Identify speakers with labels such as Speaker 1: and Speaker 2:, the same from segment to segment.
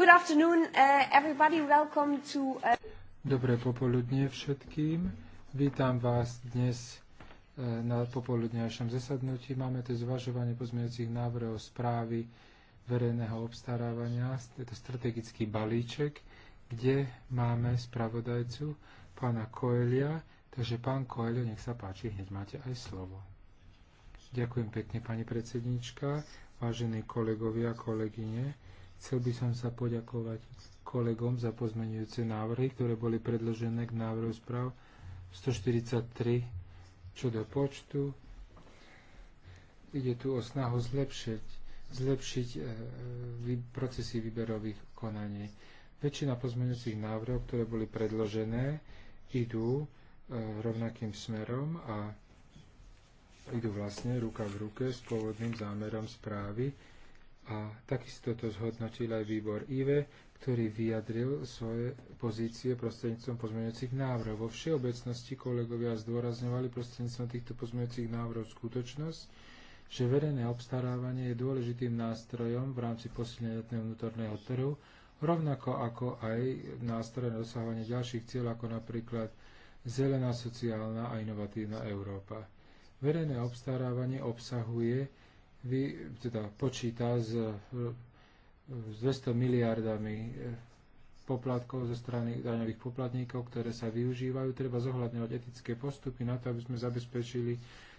Speaker 1: Good afternoon, uh, everybody. Welcome to... Uh,
Speaker 2: Dobré popoludne všetkým. Vítam vás dnes uh, na popoludnejšom zasadnutí. Máme tu zvažovanie pozmeňujúcich návrhov správy verejného obstarávania. Je to strategický balíček, kde máme spravodajcu pána Koelia. Takže pán Koelio, nech sa páči, hneď máte aj slovo. Ďakujem pekne, pani predsednička, vážení kolegovia, kolegyne. Chcel by som sa poďakovať kolegom za pozmenujúce návrhy, ktoré boli predložené k návrhu správ 143 čo do počtu. Ide tu o snahu zlepšiť, zlepšiť e, procesy výberových konaní. Väčšina pozmenujúcich návrhov, ktoré boli predložené, idú e, rovnakým smerom a idú vlastne ruka v ruke s pôvodným zámerom správy a takisto to zhodnotil aj výbor IVE, ktorý vyjadril svoje pozície prostredníctvom pozmeňujúcich návrhov. Vo všeobecnosti kolegovia zdôrazňovali prostredníctvom týchto pozmeňujúcich návrhov skutočnosť, že verejné obstarávanie je dôležitým nástrojom v rámci posilnenia vnútorného trhu, rovnako ako aj nástroj na dosahovanie ďalších cieľ, ako napríklad zelená, sociálna a inovatívna Európa. Verejné obstarávanie obsahuje vy, teda počíta s, s 200 miliardami eh, poplatkov zo strany daňových poplatníkov, ktoré sa využívajú. Treba zohľadňovať etické postupy na to, aby sme zabezpečili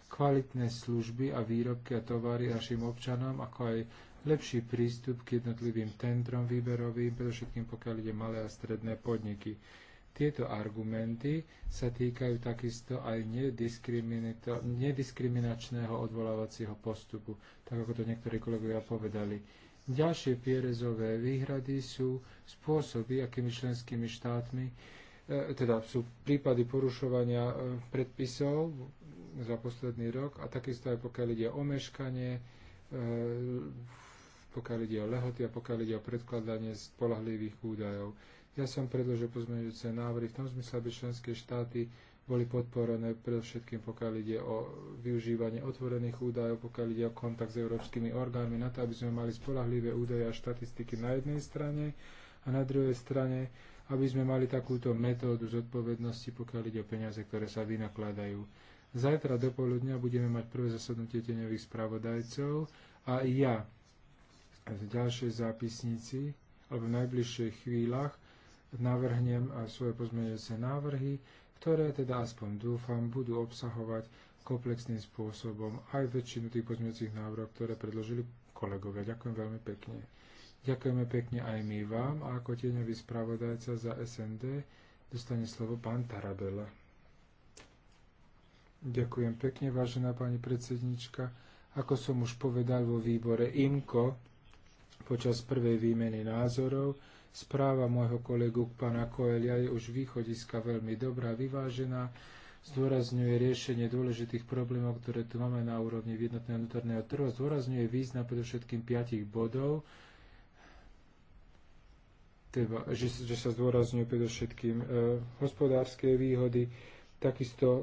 Speaker 2: kvalitné služby a výrobky a tovary našim občanom, ako aj lepší prístup k jednotlivým tendrom výberovým, predovšetkým pokiaľ ide malé a stredné podniky. Tieto argumenty sa týkajú takisto aj nediskriminačného odvolávacieho postupu, tak ako to niektorí kolegovia povedali. Ďalšie pierezové výhrady sú spôsoby, akými členskými štátmi, e, teda sú prípady porušovania e, predpisov za posledný rok a takisto aj pokiaľ ide o meškanie, e, pokiaľ ide o lehoty a pokiaľ ide o predkladanie spolahlivých údajov. Ja som predložil pozmeňujúce návrhy v tom zmysle, aby členské štáty boli podporené predovšetkým, pokiaľ ide o využívanie otvorených údajov, pokiaľ ide o kontakt s európskymi orgánmi, na to, aby sme mali spolahlivé údaje a štatistiky na jednej strane a na druhej strane, aby sme mali takúto metódu zodpovednosti, pokiaľ ide o peniaze, ktoré sa vynakladajú. Zajtra do poludnia budeme mať prvé zasadnutie teňových spravodajcov a ja v ďalšej zápisnici alebo v najbližších chvíľach navrhnem svoje pozmeňujúce návrhy, ktoré teda aspoň dúfam budú obsahovať komplexným spôsobom aj väčšinu tých pozmeňujúcich návrhov, ktoré predložili kolegovia. Ďakujem veľmi pekne. Ďakujeme pekne aj my vám a ako tieňový spravodajca za SND dostane slovo pán Tarabela. Ďakujem pekne, vážená pani predsednička. Ako som už povedal vo výbore IMKO počas prvej výmeny názorov, Správa môjho kolegu pana Koelia je už východiska veľmi dobrá, vyvážená, zdôrazňuje riešenie dôležitých problémov, ktoré tu máme na úrovni jednotného vnútorného trhu, zdôrazňuje význam predovšetkým piatich bodov, teda, že, že sa zdôrazňujú predovšetkým e, hospodárske výhody, takisto e,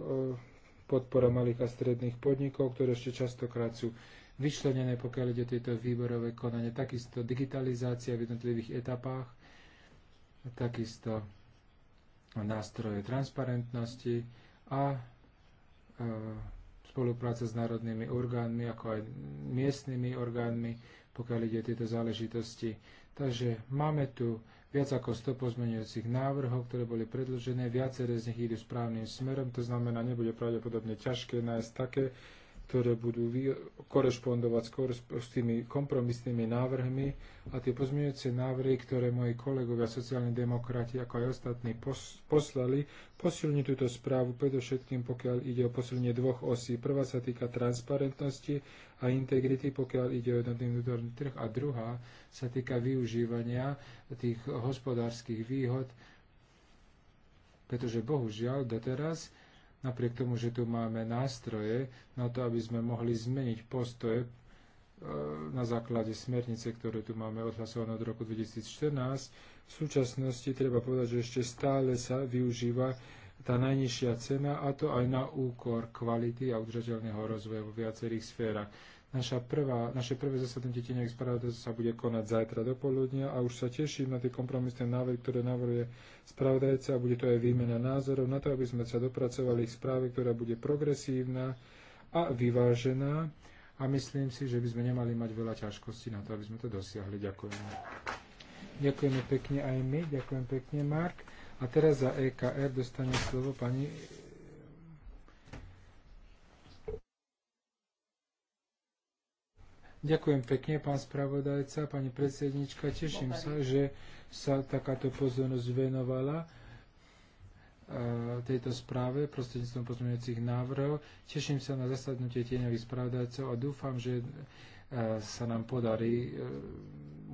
Speaker 2: podpora malých a stredných podnikov, ktoré ešte častokrát sú vyčlenené, pokiaľ ide tieto výborové konanie. Takisto digitalizácia v jednotlivých etapách, takisto nástroje transparentnosti a e, spolupráca s národnými orgánmi, ako aj miestnymi orgánmi, pokiaľ ide o tieto záležitosti. Takže máme tu viac ako 100 pozmeňujúcich návrhov, ktoré boli predložené. Viaceré z nich idú správnym smerom, to znamená, nebude pravdepodobne ťažké nájsť také ktoré budú korešpondovať s tými kompromisnými návrhmi a tie pozmeňujúce návrhy, ktoré moji kolegovia sociálni demokrati ako aj ostatní poslali, posilní túto správu predovšetkým, pokiaľ ide o posilnenie dvoch osí. Prvá sa týka transparentnosti a integrity, pokiaľ ide o jednotný vnútorný trh a druhá sa týka využívania tých hospodárskych výhod, pretože bohužiaľ doteraz napriek tomu, že tu máme nástroje na to, aby sme mohli zmeniť postoje e, na základe smernice, ktoré tu máme odhlasované od roku 2014. V súčasnosti treba povedať, že ešte stále sa využíva tá najnižšia cena a to aj na úkor kvality a udržateľného rozvoja vo viacerých sférach. Naša prvá, naše prvé zasadnutie tieňových spravodajcov sa bude konať zajtra do poludnia a už sa teším na tie kompromisné návrhy, ktoré navrhuje spravodajca a bude to aj výmena názorov na to, aby sme sa dopracovali k správe, ktorá bude progresívna a vyvážená a myslím si, že by sme nemali mať veľa ťažkostí na to, aby sme to dosiahli. Ďakujem. Ďakujeme pekne aj my, ďakujem pekne Mark. A teraz za EKR dostane slovo pani Ďakujem pekne, pán spravodajca, pani predsednička. Teším sa, že sa takáto pozornosť venovala tejto správe prostredníctvom pozmeňujúcich návrhov. Teším sa na zasadnutie tieňových spravodajcov a dúfam, že sa nám podarí e,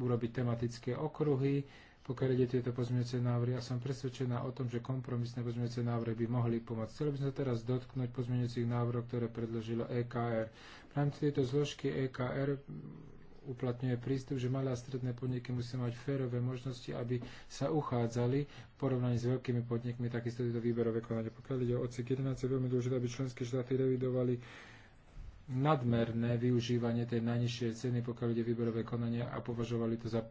Speaker 2: urobiť tematické okruhy pokiaľ ide tieto pozmeňujúce návrhy. A som presvedčená o tom, že kompromisné pozmeňujúce návrhy by mohli pomôcť. Chcel by som sa teraz dotknúť pozmeňujúcich návrhov, ktoré predložilo EKR. V rámci tejto zložky EKR uplatňuje prístup, že malé a stredné podniky musia mať férové možnosti, aby sa uchádzali v porovnaní s veľkými podnikmi takisto tieto výberové konanie. Pokiaľ ide o odsek 11, je veľmi dôležité, aby členské štáty revidovali nadmerné využívanie tej najnižšej ceny, pokiaľ ide výberové konanie a považovali to za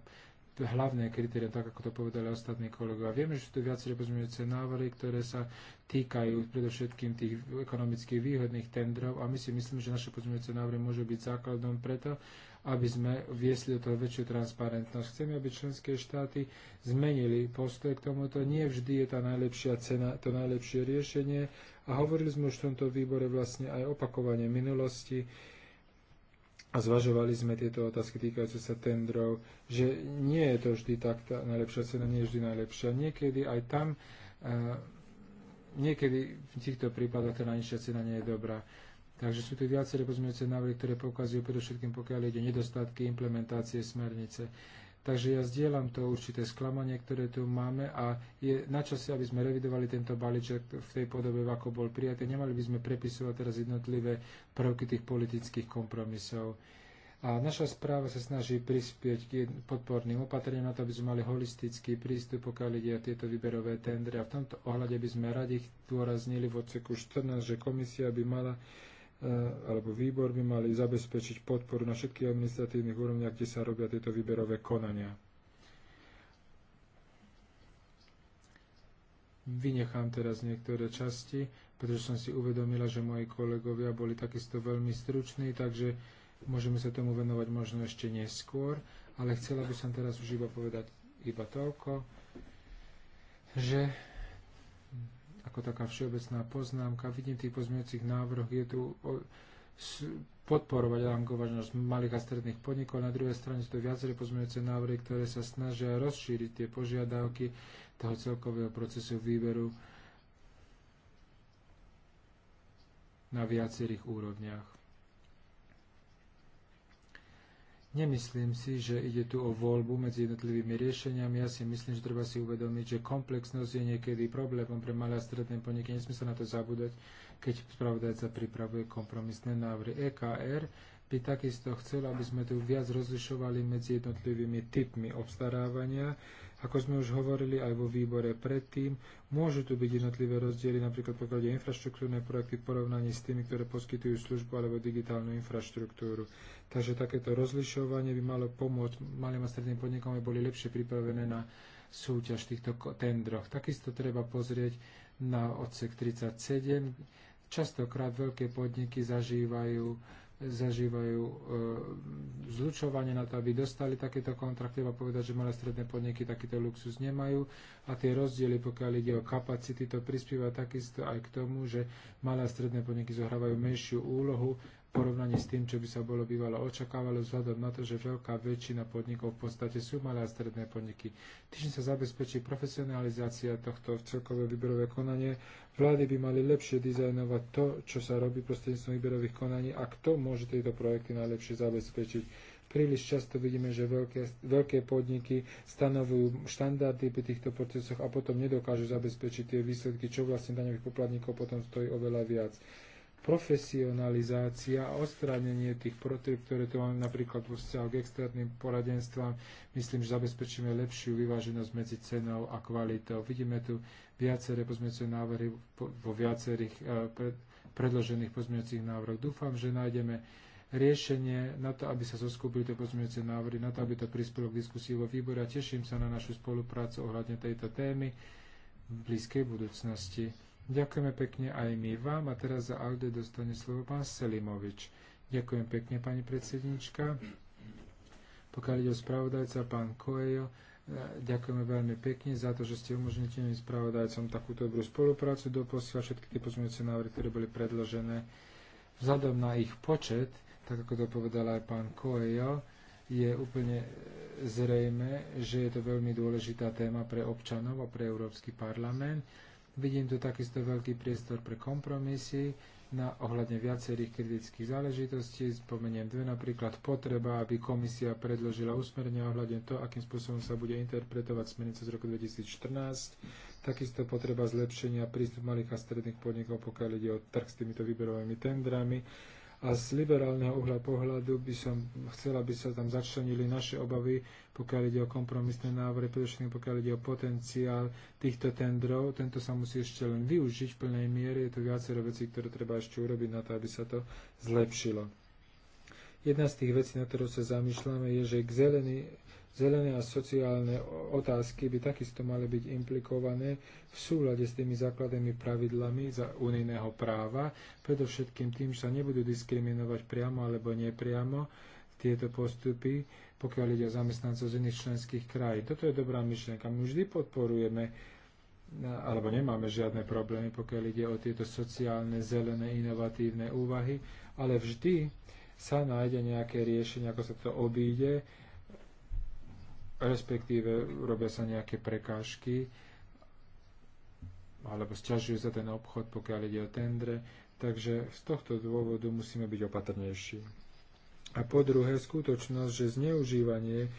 Speaker 2: to hlavné kritérium, tak ako to povedali ostatní kolegovia. Vieme, že sú tu viaceré pozmeňujúce návrhy, ktoré sa týkajú predovšetkým tých ekonomicky výhodných tendrov a my si myslíme, že naše pozmeňujúce návrhy môžu byť základom preto, aby sme viesli do toho väčšiu transparentnosť. Chceme, aby členské štáty zmenili postoj k tomuto. Nie vždy je tá najlepšia cena, to najlepšie riešenie a hovorili sme už v tomto výbore vlastne aj opakovanie minulosti a zvažovali sme tieto otázky týkajúce sa tendrov, že nie je to vždy tak, tá najlepšia cena nie je vždy najlepšia. Niekedy aj tam, uh, niekedy v týchto prípadoch tá najnižšia cena nie je dobrá. Takže sú tu viaceré pozmeňujúce návrhy, ktoré pokazujú predovšetkým, pokiaľ ide nedostatky implementácie smernice. Takže ja zdieľam to určité sklamanie, ktoré tu máme a je na čase, aby sme revidovali tento balíček v tej podobe, ako bol prijatý. Nemali by sme prepisovať teraz jednotlivé prvky tých politických kompromisov. A naša správa sa snaží prispieť k podporným opatreniam na to, aby sme mali holistický prístup, pokiaľ ide o tieto výberové tendre. A v tomto ohľade by sme radi dôraznili v odseku 14, že komisia by mala Eh, alebo výbor by mali zabezpečiť podporu na všetkých administratívnych úrovniach, kde sa robia tieto výberové konania. Vynechám teraz niektoré časti, pretože som si uvedomila, že moji kolegovia boli takisto veľmi struční, takže môžeme sa tomu venovať možno ešte neskôr, ale chcela by som teraz už iba povedať iba toľko, že ako taká všeobecná poznámka. Vidím tých pozmeňujúcich návrh, je tu o, s, podporovať angovažnosť malých a stredných podnikov. Na druhej strane sú to viaceré pozmeňujúce návrhy, ktoré sa snažia rozšíriť tie požiadavky toho celkového procesu výberu na viacerých úrovniach. Nemyslím si, že ide tu o voľbu medzi jednotlivými riešeniami. Ja si myslím, že treba si uvedomiť, že komplexnosť je niekedy problémom pre malé a stredné podniky. Nesmie sa na to zabúdať, keď spravodajca pripravuje kompromisné návrhy. EKR by takisto chcel, aby sme tu viac rozlišovali medzi jednotlivými typmi obstarávania ako sme už hovorili aj vo výbore predtým, môžu tu byť jednotlivé rozdiely, napríklad pokiaľ ide infraštruktúrne projekty v porovnaní s tými, ktoré poskytujú službu alebo digitálnu infraštruktúru. Takže takéto rozlišovanie by malo pomôcť malým a stredným podnikom, aby boli lepšie pripravené na súťaž v týchto tendroch. Takisto treba pozrieť na odsek 37. Častokrát veľké podniky zažívajú zažívajú e, zlučovanie na to, aby dostali takéto kontrakty. a povedať, že malé stredné podniky takýto luxus nemajú a tie rozdiely, pokiaľ ide o kapacity, to prispieva takisto aj k tomu, že malé a stredné podniky zohrávajú menšiu úlohu porovnaní s tým, čo by sa bolo bývalo očakávalo, vzhľadom na to, že veľká väčšina podnikov v podstate sú malé a stredné podniky. Tým sa zabezpečí profesionalizácia tohto celkové výberové konanie. Vlády by mali lepšie dizajnovať to, čo sa robí prostredníctvom výberových konaní a kto môže tieto projekty najlepšie zabezpečiť. Príliš často vidíme, že veľké, veľké podniky stanovujú štandardy pri týchto procesoch a potom nedokážu zabezpečiť tie výsledky, čo vlastne daňových poplatníkov potom stojí oveľa viac profesionalizácia a odstránenie tých protiv, ktoré tu máme napríklad vo vzťahu k externým poradenstvám, myslím, že zabezpečíme lepšiu vyváženosť medzi cenou a kvalitou. Vidíme tu viaceré pozmeňujúce návrhy vo viacerých e, predložených pozmeňujúcich návrhoch. Dúfam, že nájdeme riešenie na to, aby sa zoskúpili tie pozmeňujúce návrhy, na to, aby to prispelo k diskusii vo výbore a teším sa na našu spoluprácu ohľadne tejto témy v blízkej budúcnosti. Ďakujeme pekne aj my vám a teraz za Alde dostane slovo pán Selimovič. Ďakujem pekne, pani predsednička. Pokiaľ ide o spravodajca, pán Koejo, e, Ďakujeme veľmi pekne za to, že ste umožnili tým spravodajcom takúto dobrú spoluprácu doposiaľ všetky tie pozmeňujúce návrhy, ktoré boli predložené. Vzhľadom na ich počet, tak ako to povedal aj pán Koejo, je úplne e, zrejme, že je to veľmi dôležitá téma pre občanov a pre Európsky parlament Vidím tu takisto veľký priestor pre kompromisy na ohľadne viacerých kritických záležitostí. Spomeniem dve, napríklad potreba, aby komisia predložila usmerenia ohľadne to, akým spôsobom sa bude interpretovať smernica z roku 2014. Takisto potreba zlepšenia prístup malých a stredných podnikov, pokiaľ ide o trh s týmito výberovými tendrami a z liberálneho uhla pohľadu by som chcel, aby sa tam začlenili naše obavy, pokiaľ ide o kompromisné návrhy, predovšetkým pokiaľ ide o potenciál týchto tendrov. Tento sa musí ešte len využiť v plnej miere. Je tu viacero vecí, ktoré treba ešte urobiť na to, aby sa to zlepšilo. Jedna z tých vecí, na ktorú sa zamýšľame, je, že k zelený, Zelené a sociálne otázky by takisto mali byť implikované v súlade s tými základnými pravidlami za unijného práva, predovšetkým tým, že sa nebudú diskriminovať priamo alebo nepriamo tieto postupy, pokiaľ ide o zamestnancov z iných členských krajín. Toto je dobrá myšlienka. My vždy podporujeme alebo nemáme žiadne problémy, pokiaľ ide o tieto sociálne, zelené, inovatívne úvahy, ale vždy sa nájde nejaké riešenie, ako sa to obíde, respektíve robia sa nejaké prekážky alebo sťažuje sa ten obchod, pokiaľ ide o tendre. Takže z tohto dôvodu musíme byť opatrnejší. A po druhé, skutočnosť, že zneužívanie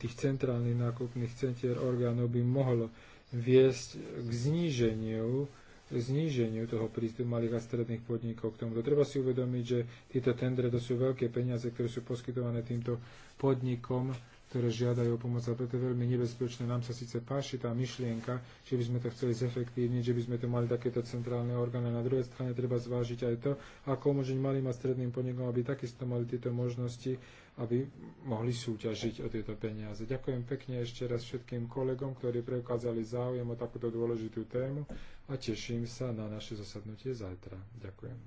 Speaker 2: tých centrálnych nákupných centier orgánov by mohlo viesť k zníženiu zníženiu toho prístupu malých a stredných podnikov k tomuto. Treba si uvedomiť, že tieto tendre to sú veľké peniaze, ktoré sú poskytované týmto podnikom ktoré žiadajú o pomoc a preto je veľmi nebezpečné. Nám sa síce páši tá myšlienka, že by sme to chceli zefektívniť, že by sme to mali takéto centrálne orgány. Na druhej strane treba zvážiť aj to, ako umožniť malým a stredným podnikom, aby takisto mali tieto možnosti, aby mohli súťažiť o tieto peniaze. Ďakujem pekne ešte raz všetkým kolegom, ktorí preukázali záujem o takúto dôležitú tému a teším sa na naše zasadnutie zajtra. Ďakujem.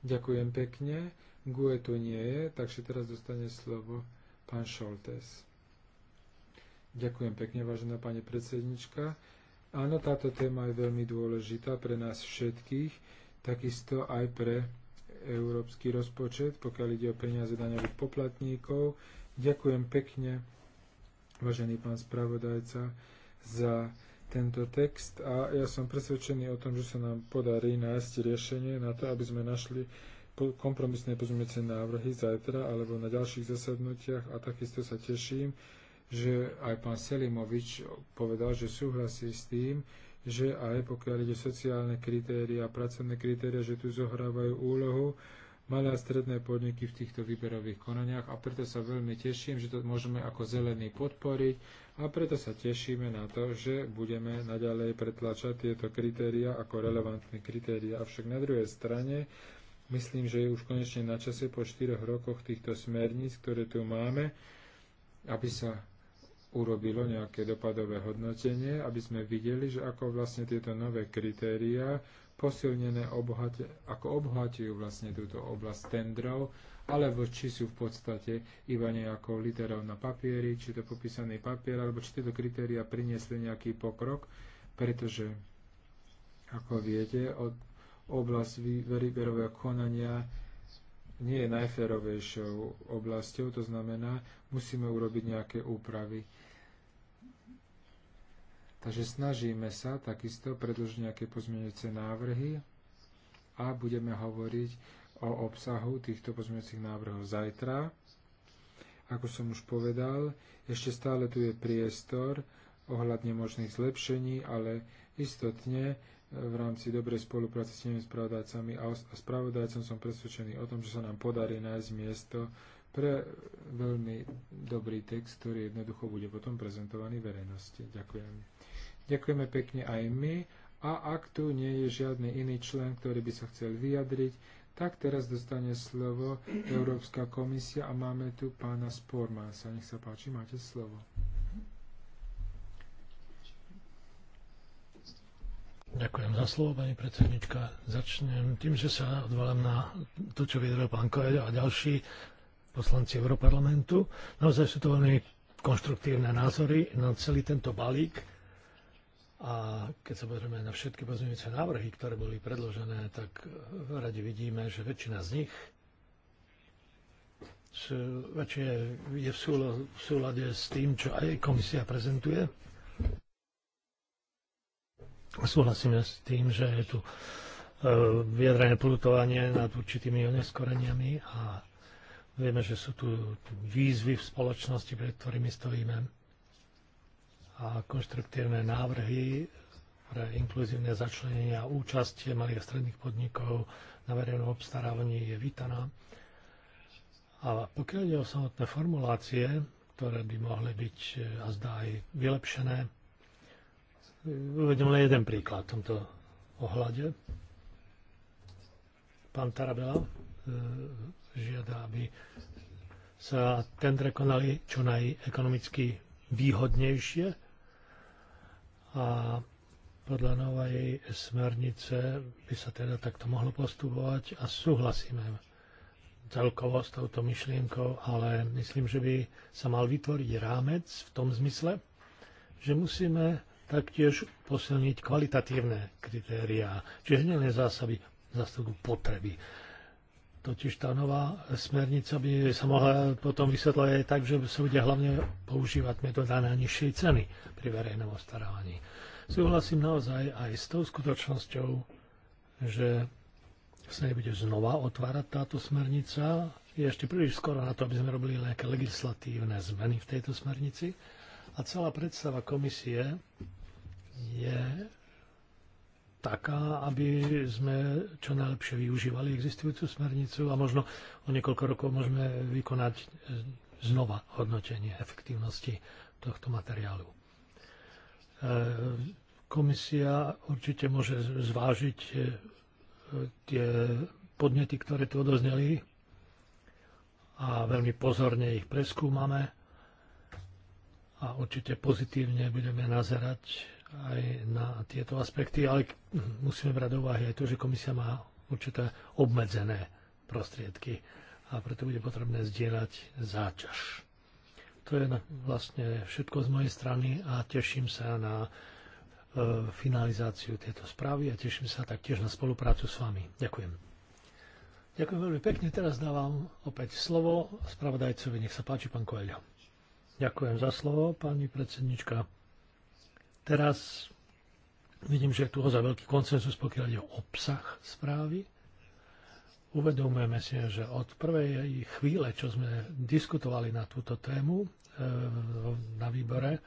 Speaker 2: Ďakujem pekne. Gue tu nie je, takže teraz dostane slovo pán Šoltes. Ďakujem pekne, vážená pani predsednička. Áno, táto téma je veľmi dôležitá pre nás všetkých, takisto aj pre európsky rozpočet, pokiaľ ide o peniaze daňových poplatníkov. Ďakujem pekne, vážený pán spravodajca, za tento text a ja som presvedčený o tom, že sa nám podarí nájsť riešenie na to, aby sme našli kompromisné pozmeňujúce návrhy zajtra alebo na ďalších zasadnutiach a takisto sa teším, že aj pán Selimovič povedal, že súhlasí s tým, že aj pokiaľ ide sociálne kritéria a pracovné kritéria, že tu zohrávajú úlohu malé a stredné podniky v týchto výberových konaniach a preto sa veľmi teším, že to môžeme ako zelený podporiť a preto sa tešíme na to, že budeme naďalej pretlačať tieto kritéria ako relevantné kritéria. Avšak na druhej strane Myslím, že je už konečne na čase po 4 rokoch týchto smerníc, ktoré tu máme, aby sa urobilo nejaké dopadové hodnotenie, aby sme videli, že ako vlastne tieto nové kritériá posilnené obohate, ako obohatujú vlastne túto oblasť tendrov, alebo či sú v podstate iba nejakou literou na papieri, či to popísaný papier, alebo či tieto kritéria priniesli nejaký pokrok, pretože, ako viete, od oblasť verového konania nie je najférovejšou oblasťou, to znamená, musíme urobiť nejaké úpravy. Takže snažíme sa takisto predložiť nejaké pozmeňujúce návrhy a budeme hovoriť o obsahu týchto pozmeňujúcich návrhov zajtra. Ako som už povedal, ešte stále tu je priestor ohľadne možných zlepšení, ale istotne v rámci dobrej spolupráce s tými spravodajcami a, a spravodajcom som presvedčený o tom, že sa nám podarí nájsť miesto pre veľmi dobrý text, ktorý jednoducho bude potom prezentovaný verejnosti. Ďakujem. Ďakujeme pekne aj my a ak tu nie je žiadny iný člen, ktorý by sa chcel vyjadriť, tak teraz dostane slovo Európska komisia a máme tu pána Spormansa. Nech sa páči, máte slovo.
Speaker 3: Ďakujem za slovo, pani predsednička. Začnem tým, že sa odvolám na to, čo vyjadril pán Koeľo a ďalší poslanci Europarlamentu. Naozaj sú to veľmi konštruktívne názory na celý tento balík. A keď sa pozrieme na všetky pozmeňujúce návrhy, ktoré boli predložené, tak radi vidíme, že väčšina z nich sú, je v súlade s tým, čo aj komisia prezentuje Súhlasíme s tým, že je tu e, vyjadrené plutovanie nad určitými oneskoreniami a vieme, že sú tu výzvy v spoločnosti, pred ktorými stojíme a konštruktívne návrhy pre inkluzívne začlenenie a účasť malých a stredných podnikov na verejnom obstarávaní je vítaná. A pokiaľ ide o samotné formulácie, ktoré by mohli byť e, a zdá aj vylepšené, Uvedem len jeden príklad v tomto ohľade. Pán Tarabela e, žiada, aby sa tendre konali čo najekonomicky výhodnejšie a podľa novej smernice by sa teda takto mohlo postupovať a súhlasíme celkovo s touto myšlienkou, ale myslím, že by sa mal vytvoriť rámec v tom zmysle, že musíme taktiež posilniť kvalitatívne kritériá, čiže nielen zásoby, zásobu potreby. Totiž tá nová smernica by sa mohla potom vysvetľovať aj tak, že sa bude hlavne používať metóda nižšej ceny pri verejnom ostarávaní. Súhlasím naozaj aj s tou skutočnosťou, že sa nebude znova otvárať táto smernica. Je ešte príliš skoro na to, aby sme robili nejaké legislatívne zmeny v tejto smernici. A celá predstava komisie je taká, aby sme čo najlepšie využívali existujúcu smernicu a možno o niekoľko rokov môžeme vykonať eh, znova hodnotenie efektívnosti tohto materiálu. Eh, komisia určite môže zvážiť eh, tie podnety, ktoré tu odozneli a veľmi pozorne ich preskúmame a určite pozitívne budeme nazerať aj na tieto aspekty, ale musíme brať do úvahy aj to, že komisia má určité obmedzené prostriedky a preto bude potrebné zdieľať záťaž. To je vlastne všetko z mojej strany a teším sa na e, finalizáciu tejto správy a teším sa taktiež na spoluprácu s vami. Ďakujem. Ďakujem veľmi pekne. Teraz dávam opäť slovo spravodajcovi. Nech sa páči, pán Koeľa. Ďakujem za slovo, pani predsednička. Teraz vidím, že je tu ozaj veľký koncenzus, pokiaľ ide o obsah správy. Uvedomujeme si, že od prvej chvíle, čo sme diskutovali na túto tému e, na výbore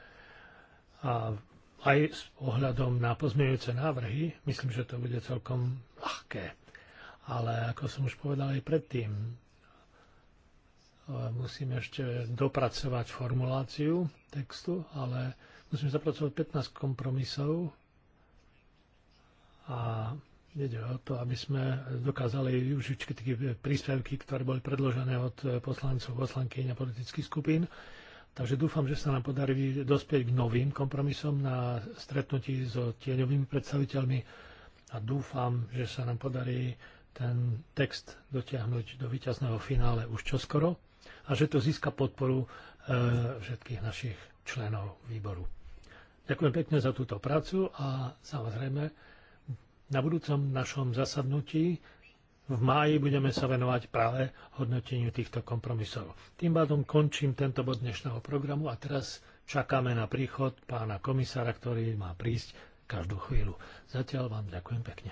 Speaker 3: a aj s ohľadom na pozmeňujúce návrhy, myslím, že to bude celkom ľahké. Ale ako som už povedal aj predtým, e, musím ešte dopracovať formuláciu textu, ale Musíme zapracovať 15 kompromisov a ide o to, aby sme dokázali využiť všetky príspevky, ktoré boli predložené od poslancov, poslankyň a politických skupín. Takže dúfam, že sa nám podarí dospieť k novým kompromisom na stretnutí so tieňovými predstaviteľmi a dúfam, že sa nám podarí ten text dotiahnuť do víťazného finále už čoskoro a že to získa podporu e, všetkých našich členov výboru. Ďakujem pekne za túto prácu a samozrejme na budúcom našom zasadnutí v máji budeme sa venovať práve hodnoteniu týchto kompromisov. Tým pádom končím tento bod dnešného programu a teraz čakáme na príchod pána komisára, ktorý má prísť každú chvíľu. Zatiaľ vám ďakujem pekne.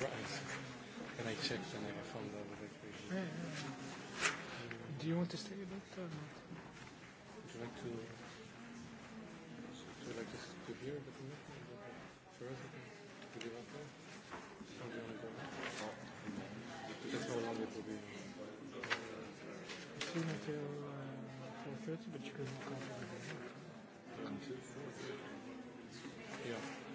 Speaker 1: price. Can I checked and I found out that I yeah, yeah.
Speaker 2: Do you want to stay a
Speaker 1: bit or not? Would you like to, would you like to, to hear a bit more? us, to give up there? Or do you want to go back?
Speaker 2: That's how long it will be. It's
Speaker 4: soon until
Speaker 1: uh, 4.30, but you can come. Until 4.30? Yeah.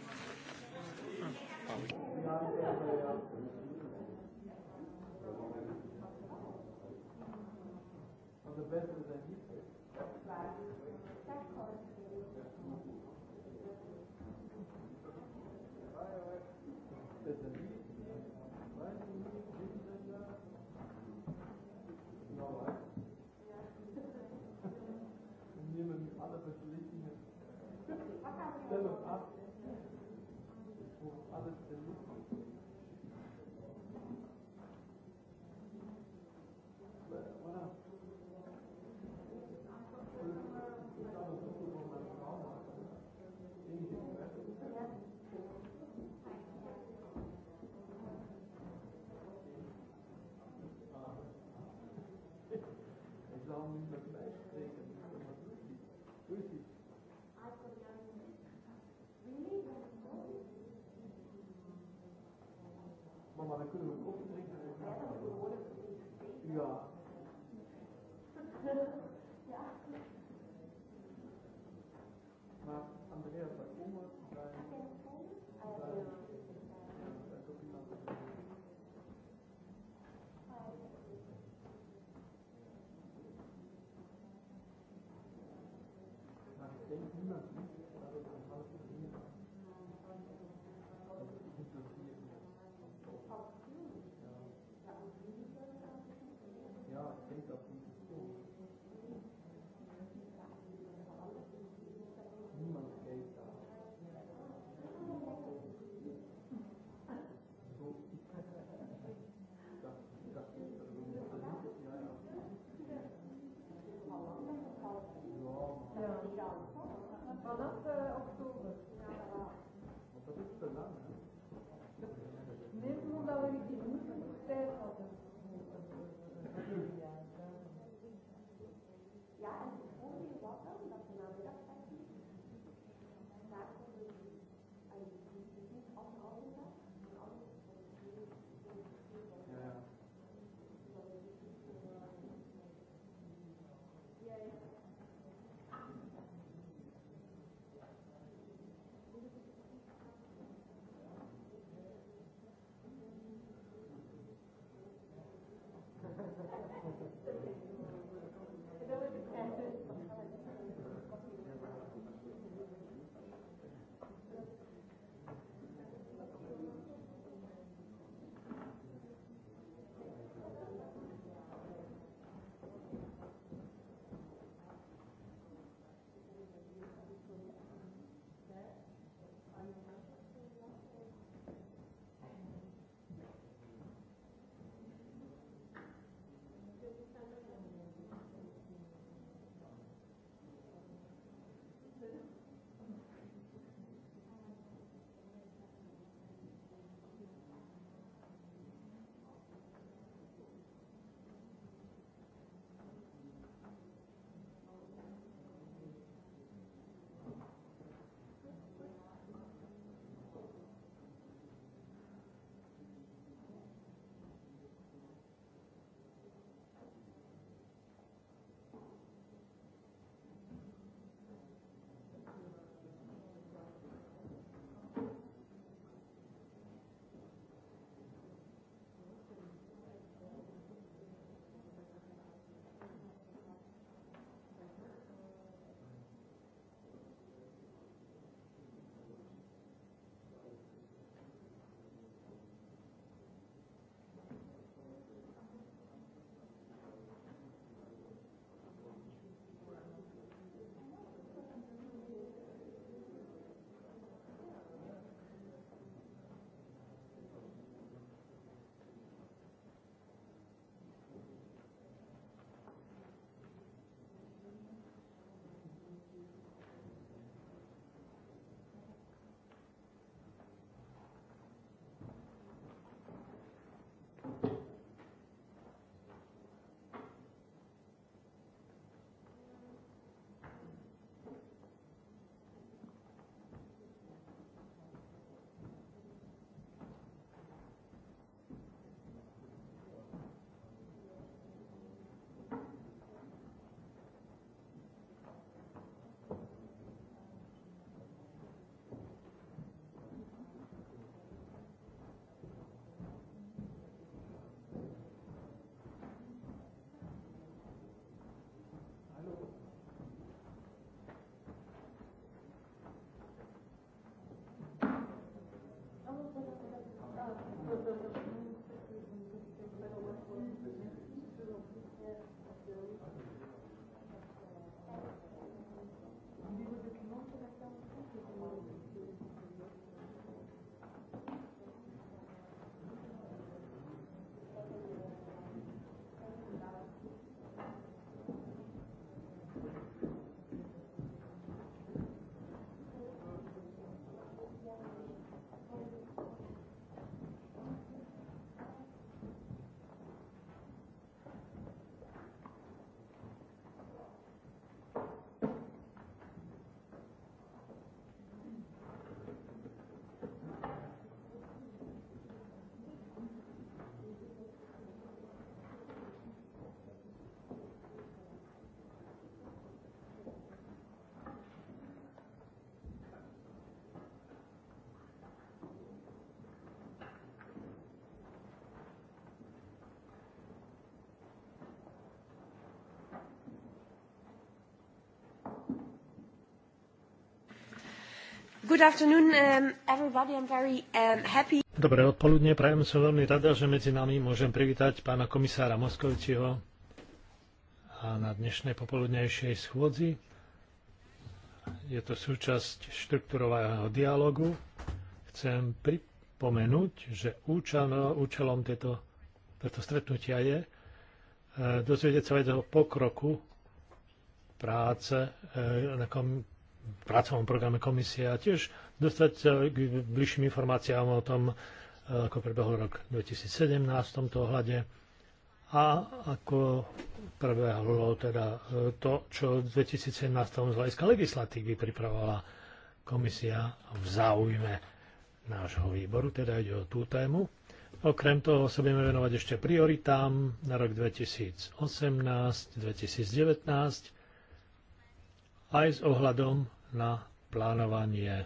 Speaker 1: better than you. Right. That's correct. Good afternoon, um, everybody. I'm very um, happy.
Speaker 3: Dobré odpoludne, prajem som veľmi rada, že medzi nami môžem privítať pána komisára Moskovičiho a na dnešnej popoludnejšej schôdzi. Je to súčasť štruktúrovaného dialogu. Chcem pripomenúť, že účano, účelom tieto, stretnutia je e, dozvedieť sa o pokroku práce e, na kom, pracovnom programe komisie a tiež dostať k bližším informáciám o tom, ako prebehol rok 2017 v tomto ohľade a ako prebehlo teda e, to, čo v 2017 z hľadiska legislatívy pripravovala komisia v záujme nášho výboru, teda ide o tú tému. Okrem toho sa budeme venovať ešte prioritám na rok 2018-2019 aj s ohľadom na plánovanie e,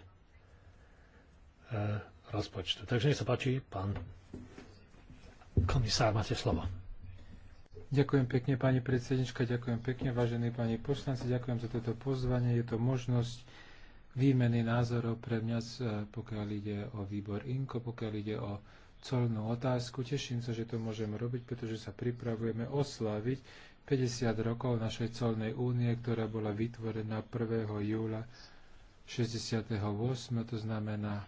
Speaker 3: rozpočtu. Takže nech sa páči, pán komisár, máte slovo.
Speaker 2: Ďakujem pekne, pani predsednička, ďakujem pekne, vážení pani poslanci, ďakujem za toto pozvanie. Je to možnosť výmeny názorov pre mňa, e, pokiaľ ide o výbor INKO, pokiaľ ide o colnú otázku. Teším sa, že to môžem robiť, pretože sa pripravujeme oslaviť 50 rokov našej colnej únie, ktorá bola vytvorená 1. júla 68. To znamená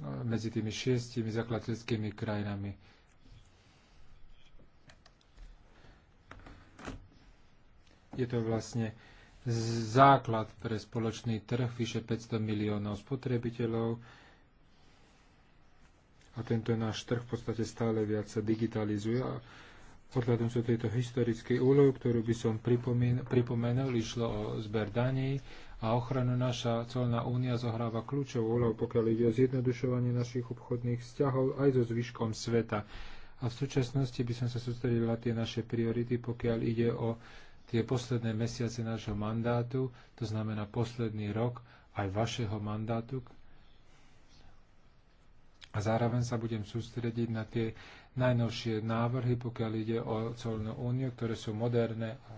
Speaker 2: no, medzi tými šiestimi zakladateľskými krajinami. Je to vlastne základ pre spoločný trh vyše 500 miliónov spotrebiteľov a tento náš trh v podstate stále viac sa digitalizuje a Odhľadom sa tejto historickej úlohy, ktorú by som pripomen- pripomenul, išlo o zber daní a ochranu naša colná únia zohráva kľúčovú úlohu, pokiaľ ide o zjednodušovanie našich obchodných vzťahov aj so zvyškom sveta. A v súčasnosti by som sa sústredil na tie naše priority, pokiaľ ide o tie posledné mesiace nášho mandátu, to znamená posledný rok aj vašeho mandátu, a zároveň sa budem sústrediť na tie najnovšie návrhy, pokiaľ ide o colnú úniu, ktoré sú moderné a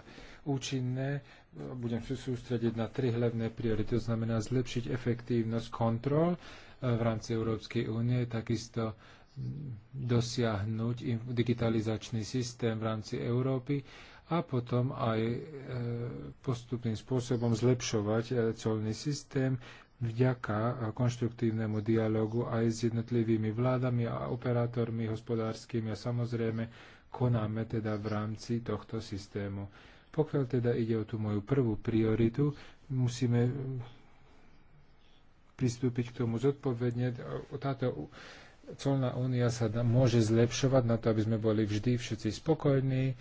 Speaker 2: účinné. Budem sa sústrediť na tri hlavné priority, to znamená zlepšiť efektívnosť kontrol e, v rámci Európskej únie, takisto dosiahnuť digitalizačný systém v rámci Európy a potom aj e, postupným spôsobom zlepšovať e, colný systém, vďaka e, konštruktívnemu dialogu aj s jednotlivými vládami a operátormi hospodárskymi a samozrejme konáme teda v rámci tohto systému. Pokiaľ teda ide o tú moju prvú prioritu, musíme e, pristúpiť k tomu zodpovedne. E, táto colná únia sa môže zlepšovať na to, aby sme boli vždy všetci spokojní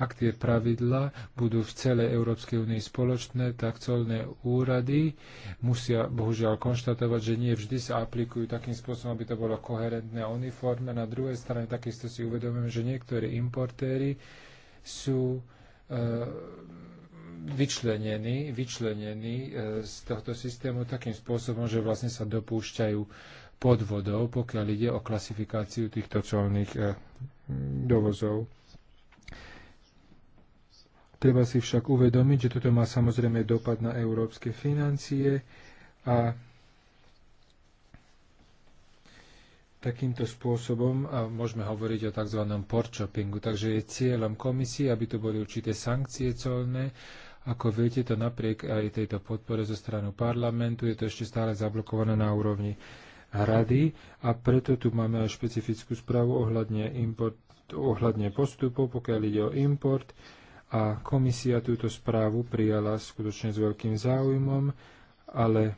Speaker 2: ak tie pravidla budú v celej Európskej únii spoločné, tak colné úrady musia bohužiaľ konštatovať, že nie vždy sa aplikujú takým spôsobom, aby to bolo koherentné a uniformné. Na druhej strane takisto si uvedomujeme, že niektorí importéry sú e, vyčlenení, vyčlenení eh, z tohto systému takým spôsobom, že vlastne sa dopúšťajú podvodov, pokiaľ ide o klasifikáciu týchto colných eh, dovozov. Treba si však uvedomiť, že toto má samozrejme dopad na európske financie a takýmto spôsobom môžeme hovoriť o tzv. shoppingu. Takže je cieľom komisie, aby to boli určité sankcie colné. Ako viete, to napriek aj tejto podpore zo stranu parlamentu je to ešte stále zablokované na úrovni rady a preto tu máme aj špecifickú správu ohľadne, import, ohľadne postupov, pokiaľ ide o import a komisia túto správu prijala skutočne s veľkým záujmom, ale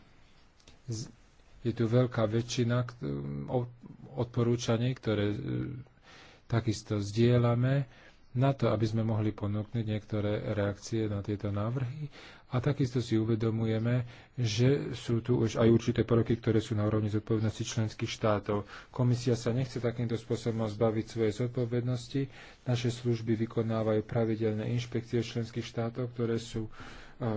Speaker 2: je tu veľká väčšina odporúčaní, ktoré e, takisto zdieľame na to, aby sme mohli ponúknuť niektoré reakcie na tieto návrhy. A takisto si uvedomujeme, že sú tu už aj určité poroky, ktoré sú na úrovni zodpovednosti členských štátov. Komisia sa nechce takýmto spôsobom zbaviť svojej zodpovednosti. Naše služby vykonávajú pravidelné inšpekcie členských štátov, ktoré sú eh,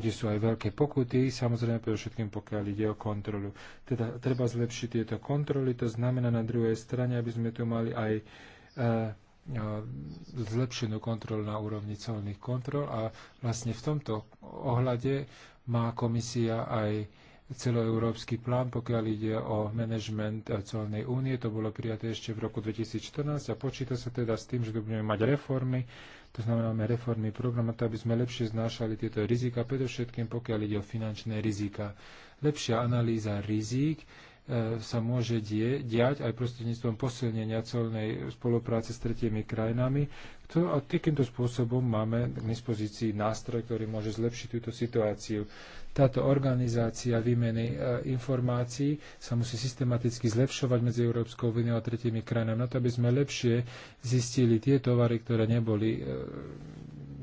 Speaker 2: kde sú aj veľké pokuty, samozrejme všetkým pokiaľ ide o kontrolu. Teda treba zlepšiť tieto kontroly, to znamená na druhej strane, aby sme tu mali aj eh, zlepšenú kontrolu na úrovni colných kontrol a vlastne v tomto ohľade má komisia aj celoeurópsky plán, pokiaľ ide o management e, colnej únie. To bolo prijaté ešte v roku 2014 a počíta sa teda s tým, že tu budeme mať reformy, to znamená reformy programu, to aby sme lepšie znášali tieto rizika, predovšetkým pokiaľ ide o finančné rizika. Lepšia analýza rizik E, sa môže die, diať aj prostredníctvom posilnenia celnej spolupráce s tretiemi krajinami. To, a takýmto spôsobom máme k dispozícii nástroj, ktorý môže zlepšiť túto situáciu. Táto organizácia výmeny e, informácií sa musí systematicky zlepšovať medzi Európskou úniou a tretími krajinami, na to, aby sme lepšie zistili tie tovary, ktoré neboli e,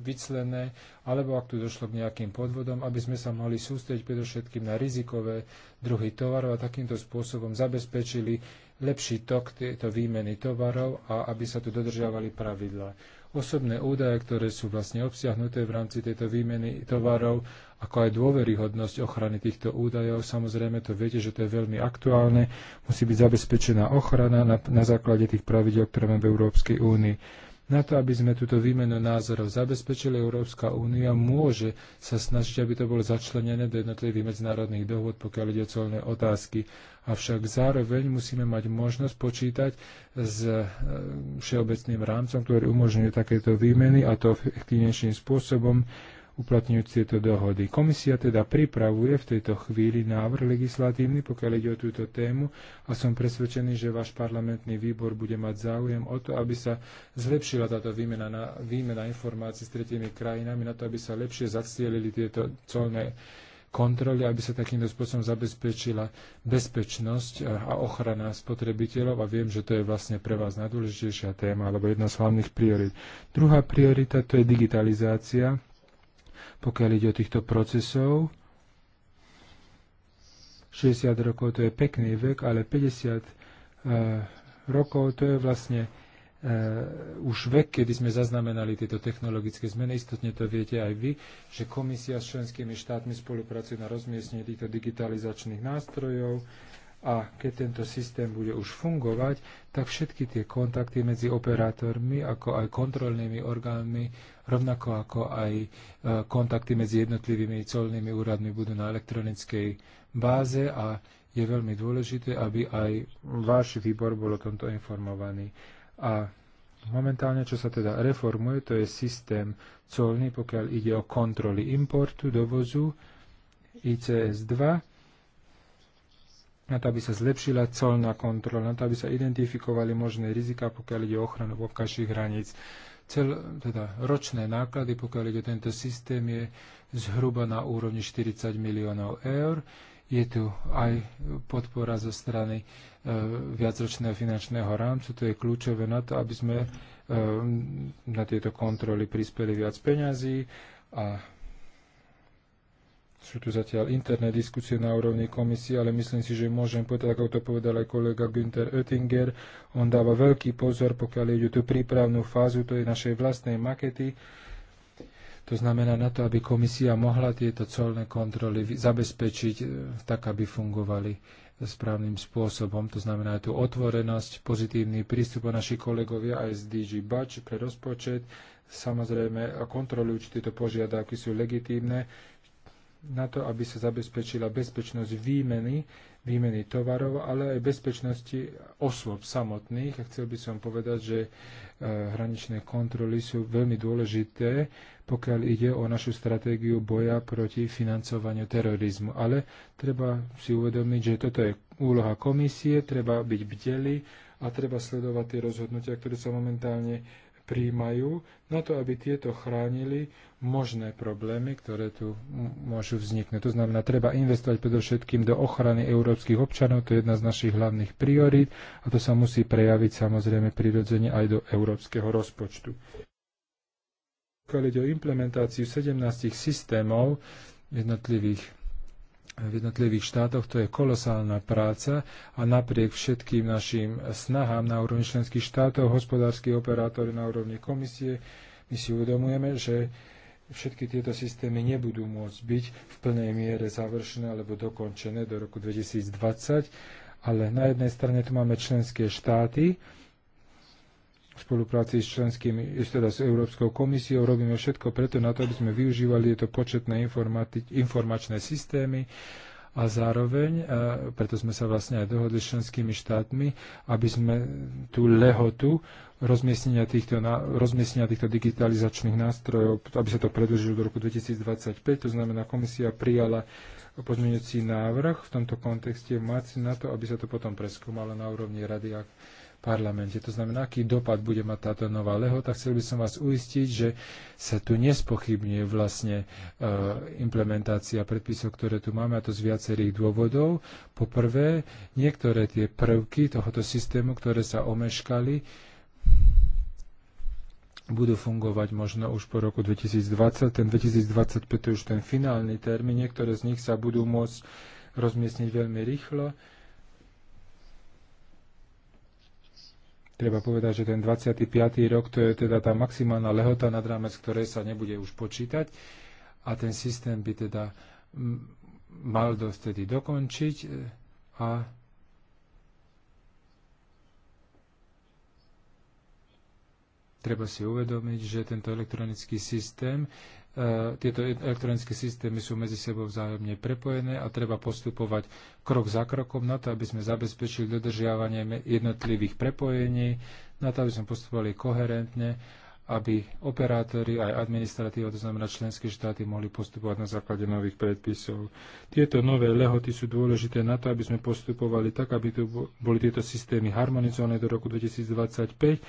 Speaker 2: vyclené, alebo ak tu došlo k nejakým podvodom, aby sme sa mohli sústrediť predovšetkým na rizikové druhy tovarov a takýmto spôsobom zabezpečili lepší tok tejto výmeny tovarov a aby sa tu dodržiavali pravidlá. Osobné údaje, ktoré sú vlastne obsiahnuté v rámci tejto výmeny tovarov, ako aj dôveryhodnosť ochrany týchto údajov, samozrejme to viete, že to je veľmi aktuálne, musí byť zabezpečená ochrana na, na základe tých pravidel, ktoré máme v Európskej únii. Na to, aby sme túto výmenu názorov zabezpečili, Európska únia môže sa snažiť, aby to bolo začlenené do jednotlivých medzinárodných dohod, pokiaľ ide o colné otázky. Avšak zároveň musíme mať možnosť počítať s e, všeobecným rámcom, ktorý umožňuje takéto výmeny a to efektívnejším spôsobom, uplatňujúc tieto dohody. Komisia teda pripravuje v tejto chvíli návrh legislatívny, pokiaľ ide o túto tému a som presvedčený, že váš parlamentný výbor bude mať záujem o to, aby sa zlepšila táto výmena, na, výmena informácií s tretími krajinami, na to, aby sa lepšie zacielili tieto colné kontroly, aby sa takýmto spôsobom zabezpečila bezpečnosť a ochrana spotrebiteľov a viem, že to je vlastne pre vás najdôležitejšia téma alebo jedna z hlavných priorit. Druhá priorita to je digitalizácia pokiaľ ide o týchto procesov. 60 rokov to je pekný vek, ale 50 uh, eh, rokov to je vlastne uh, už vek, kedy sme zaznamenali tieto technologické zmeny. Istotne to viete aj vy, že komisia s členskými štátmi spolupracuje na rozmiestnenie týchto digitalizačných nástrojov. Uh, a keď tento systém bude už fungovať, tak všetky tie kontakty medzi operátormi, ako aj kontrolnými orgánmi, rovnako ako aj e, kontakty medzi jednotlivými colnými úradmi budú na elektronickej báze a je veľmi dôležité, aby aj váš výbor bol o tomto informovaný. A momentálne, čo sa teda reformuje, to je systém colný, pokiaľ ide o kontroly importu, dovozu, ICS 2, na to, aby sa zlepšila colná kontrola, na to, aby sa identifikovali možné rizika, pokiaľ ide o ochranu vonkajších hraníc. Cel, teda ročné náklady, pokiaľ ide o tento systém, je zhruba na úrovni 40 miliónov eur. Je tu aj podpora zo strany e, viacročného finančného rámcu. To je kľúčové na to, aby sme e, na tieto kontroly prispeli viac peňazí a sú tu zatiaľ interné diskusie na úrovni komisie, ale myslím si, že môžem povedať, ako to povedal aj kolega Günther Oettinger, on dáva veľký pozor, pokiaľ ide tú prípravnú fázu, to je našej vlastnej makety, to znamená na to, aby komisia mohla tieto colné kontroly zabezpečiť e, tak, aby fungovali správnym spôsobom. To znamená aj tú otvorenosť, pozitívny prístup a naši kolegovia aj z DG Bač pre rozpočet. Samozrejme kontrolujú, či tieto požiadavky sú legitímne na to, aby sa zabezpečila bezpečnosť výmeny, výmeny tovarov, ale aj bezpečnosti osôb samotných. A chcel by som povedať, že e, hraničné kontroly sú veľmi dôležité, pokiaľ ide o našu stratégiu boja proti financovaniu terorizmu. Ale treba si uvedomiť, že toto je úloha komisie, treba byť bdeli a treba sledovať tie rozhodnutia, ktoré sa momentálne príjmajú, na to, aby tieto chránili možné problémy, ktoré tu môžu vzniknúť. To znamená, treba investovať predovšetkým do ochrany európskych občanov, to je jedna z našich hlavných priorít a to sa musí prejaviť samozrejme prirodzene aj do európskeho rozpočtu. Pokiaľ ide o implementáciu 17 systémov jednotlivých v jednotlivých štátoch, to je kolosálna práca a napriek všetkým našim snahám na úrovni členských štátov, hospodársky operátory na úrovni komisie, my si uvedomujeme, že všetky tieto systémy nebudú môcť byť v plnej miere završené alebo dokončené do roku 2020, ale na jednej strane tu máme členské štáty, v spolupráci s členskými, teda s Európskou komisiou. Robíme všetko preto na to, aby sme využívali tieto početné informačné systémy a zároveň, e, preto sme sa vlastne aj dohodli s členskými štátmi, aby sme tú lehotu rozmiestnenia týchto, rozmiestnenia týchto digitalizačných nástrojov, aby sa to predlžilo do roku 2025, to znamená, komisia prijala pozmeňujúci návrh v tomto kontexte mať na to, aby sa to potom preskúmalo na úrovni rady, ak parlamente. To znamená, aký dopad bude mať táto nová lehota. Chcel by som vás uistiť, že sa tu nespochybňuje vlastne e, implementácia predpisov, ktoré tu máme, a to z viacerých dôvodov. Poprvé, niektoré tie prvky tohoto systému, ktoré sa omeškali, budú fungovať možno už po roku 2020. Ten 2025 je už ten finálny termín. Niektoré z nich sa budú môcť rozmiestniť veľmi rýchlo Treba povedať, že ten 25. rok to je teda tá maximálna lehota nad rámec, ktorej sa nebude už počítať a ten systém by teda mal dostedy dokončiť e, a treba si uvedomiť, že tento elektronický systém E, tieto elektronické systémy sú medzi sebou vzájomne prepojené a treba postupovať krok za krokom na to, aby sme zabezpečili dodržiavanie jednotlivých prepojení, na to, aby sme postupovali koherentne, aby operátori aj administratíva, to znamená členské štáty, mohli postupovať na základe nových predpisov. Tieto nové lehoty sú dôležité na to, aby sme postupovali tak, aby tu boli tieto systémy harmonizované do roku 2025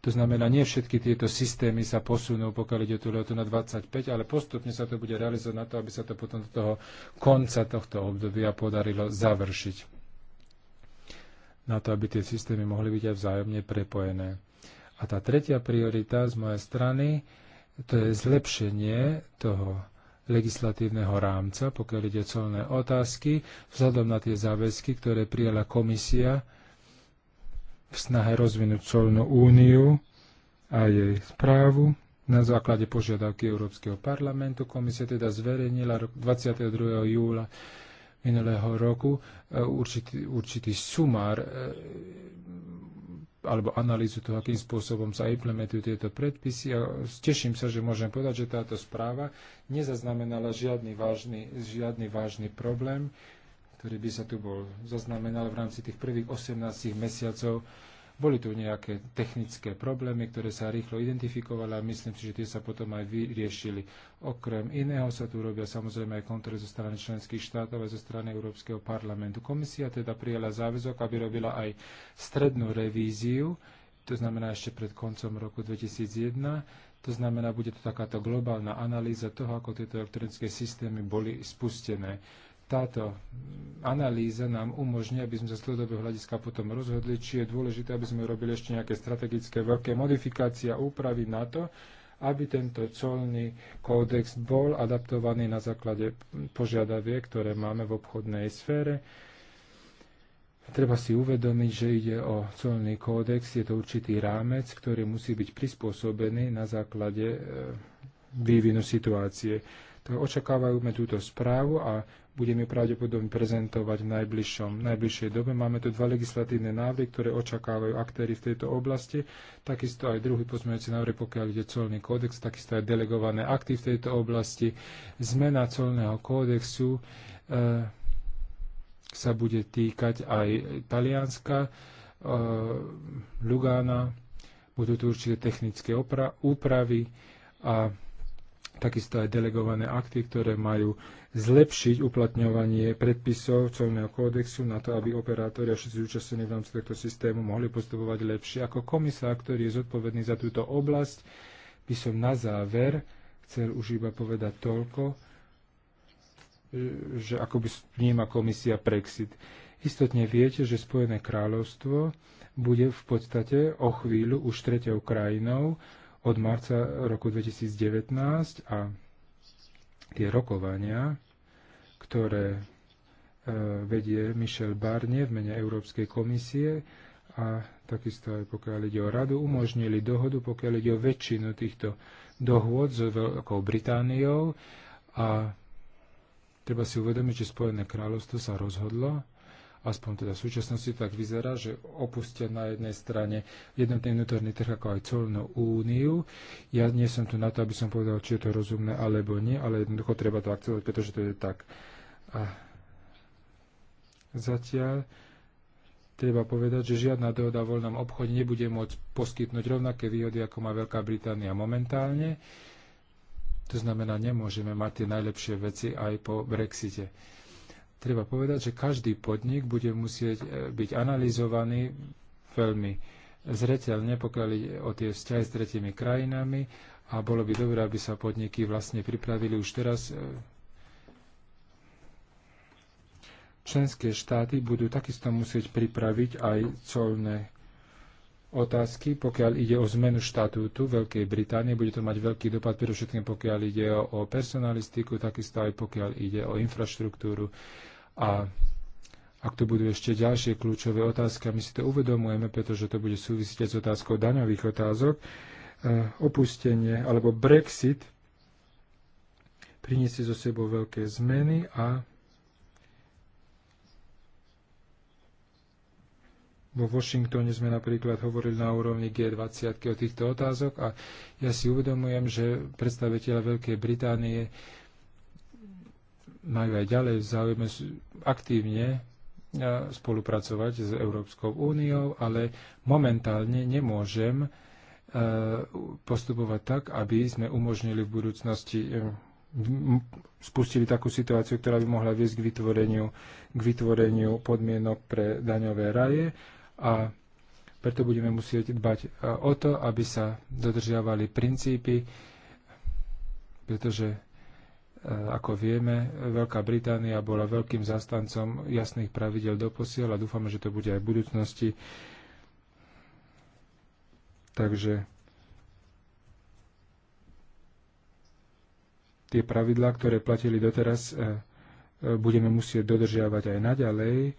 Speaker 2: to znamená, nie všetky tieto systémy sa posunú, pokiaľ ide tú lehotu na 25, ale postupne sa to bude realizovať na to, aby sa to potom do toho konca tohto obdobia podarilo završiť. Na to, aby tie systémy mohli byť aj vzájomne prepojené. A tá tretia priorita z mojej strany, to je zlepšenie toho legislatívneho rámca, pokiaľ ide colné otázky, vzhľadom na tie záväzky, ktoré prijala komisia v snahe rozvinúť colnú úniu a jej správu. Na základe požiadavky Európskeho parlamentu komisia teda zverejnila 22. júla minulého roku e, určitý, určitý sumár e, alebo analýzu toho, akým spôsobom sa implementujú tieto predpisy. A teším sa, že môžem povedať, že táto správa nezaznamenala žiadny vážny, žiadny vážny problém ktorý by sa tu bol zaznamenal v rámci tých prvých 18 mesiacov. Boli tu nejaké technické problémy, ktoré sa rýchlo identifikovali a myslím si, že tie sa potom aj vyriešili. Okrem iného sa tu robia samozrejme aj kontroly zo strany členských štátov a zo strany Európskeho parlamentu. Komisia teda prijala záväzok, aby robila aj strednú revíziu, to znamená ešte pred koncom roku 2001. To znamená, bude to takáto globálna analýza toho, ako tieto elektronické systémy boli spustené táto analýza nám umožní, aby sme sa z dlhodobého hľadiska potom rozhodli, či je dôležité, aby sme robili ešte nejaké strategické veľké modifikácie a úpravy na to, aby tento colný kódex bol adaptovaný na základe požiadaviek, ktoré máme v obchodnej sfére. Treba si uvedomiť, že ide o colný kódex, je to určitý rámec, ktorý musí byť prispôsobený na základe e, vývinu situácie. Očakávajúme túto správu a budeme pravdepodobne prezentovať v najbližšom, najbližšej dobe. Máme tu dva legislatívne návrhy, ktoré očakávajú aktéry v tejto oblasti. Takisto aj druhý pozmeňujúci návrh, pokiaľ ide colný kódex, takisto aj delegované akty v tejto oblasti. Zmena colného kódexu e, sa bude týkať aj Talianska, e, eh, Lugána, budú tu určite technické úpravy a takisto aj delegované akty, ktoré majú zlepšiť uplatňovanie predpisov colného kódexu na to, aby operátori a všetci zúčastnení v rámci tohto systému mohli postupovať lepšie. Ako komisár, ktorý je zodpovedný za túto oblasť, by som na záver chcel už iba povedať toľko, že ako by vníma komisia Brexit. Istotne viete, že Spojené kráľovstvo bude v podstate o chvíľu už tretou krajinou, od marca roku 2019 a tie rokovania, ktoré e, vedie Michel Barnier v mene Európskej komisie a takisto aj pokiaľ ide o radu, umožnili dohodu, pokiaľ ide o väčšinu týchto dohôd s Veľkou Britániou a treba si uvedomiť, že Spojené kráľovstvo sa rozhodlo, aspoň teda v súčasnosti tak vyzerá, že opustia na jednej strane jednotný vnútorný trh ako aj colnú úniu. Ja nie som tu na to, aby som povedal, či je to rozumné alebo nie, ale jednoducho treba to akceptovať, pretože to je tak. A zatiaľ treba povedať, že žiadna dohoda o voľnom obchode nebude môcť poskytnúť rovnaké výhody, ako má Veľká Británia momentálne. To znamená, nemôžeme mať tie najlepšie veci aj po Brexite treba povedať, že každý podnik bude musieť e, byť analyzovaný veľmi zreteľne, pokiaľ ide o tie vzťahy s tretimi krajinami a bolo by dobré, aby sa podniky vlastne pripravili už teraz. E, Členské štáty budú takisto musieť pripraviť aj colné otázky, pokiaľ ide o zmenu štatútu Veľkej Británie. Bude to mať veľký dopad, predovšetkým pokiaľ ide o, o personalistiku, takisto aj pokiaľ ide o infraštruktúru a ak tu budú ešte ďalšie kľúčové otázky, a my si to uvedomujeme, pretože to bude súvisieť s otázkou daňových otázok, e, opustenie alebo Brexit priniesie so sebou veľké zmeny a vo Washingtone sme napríklad hovorili na úrovni G20 o týchto otázok a ja si uvedomujem, že predstaviteľa Veľkej Británie majú aj ďalej záujem záujme aktívne e, spolupracovať s Európskou úniou, ale momentálne nemôžem e, postupovať tak, aby sme umožnili v budúcnosti e, spustili takú situáciu, ktorá by mohla viesť k vytvoreniu, k vytvoreniu podmienok pre daňové raje a preto budeme musieť dbať o to, aby sa dodržiavali princípy, pretože E, ako vieme, Veľká Británia bola veľkým zastancom jasných pravidel doposiaľ a dúfame, že to bude aj v budúcnosti. Takže tie pravidlá, ktoré platili doteraz, e, e, budeme musieť dodržiavať aj naďalej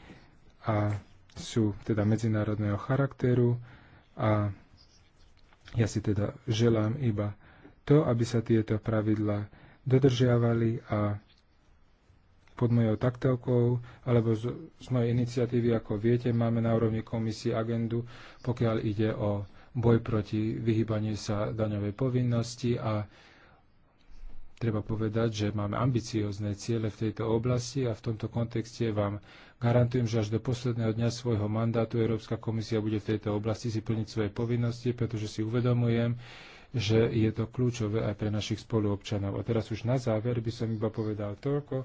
Speaker 2: a sú teda medzinárodného charakteru a ja si teda želám iba to, aby sa tieto pravidlá dodržiavali a pod mojou taktelkou alebo z, z mojej iniciatívy, ako viete, máme na úrovni komisie agendu, pokiaľ ide o boj proti vyhybaniu sa daňovej povinnosti a treba povedať, že máme ambiciozne ciele v tejto oblasti a v tomto kontexte vám garantujem, že až do posledného dňa svojho mandátu Európska komisia bude v tejto oblasti si plniť svoje povinnosti, pretože si uvedomujem, že je to kľúčové aj pre našich spoluobčanov. A teraz už na záver by som iba povedal toľko,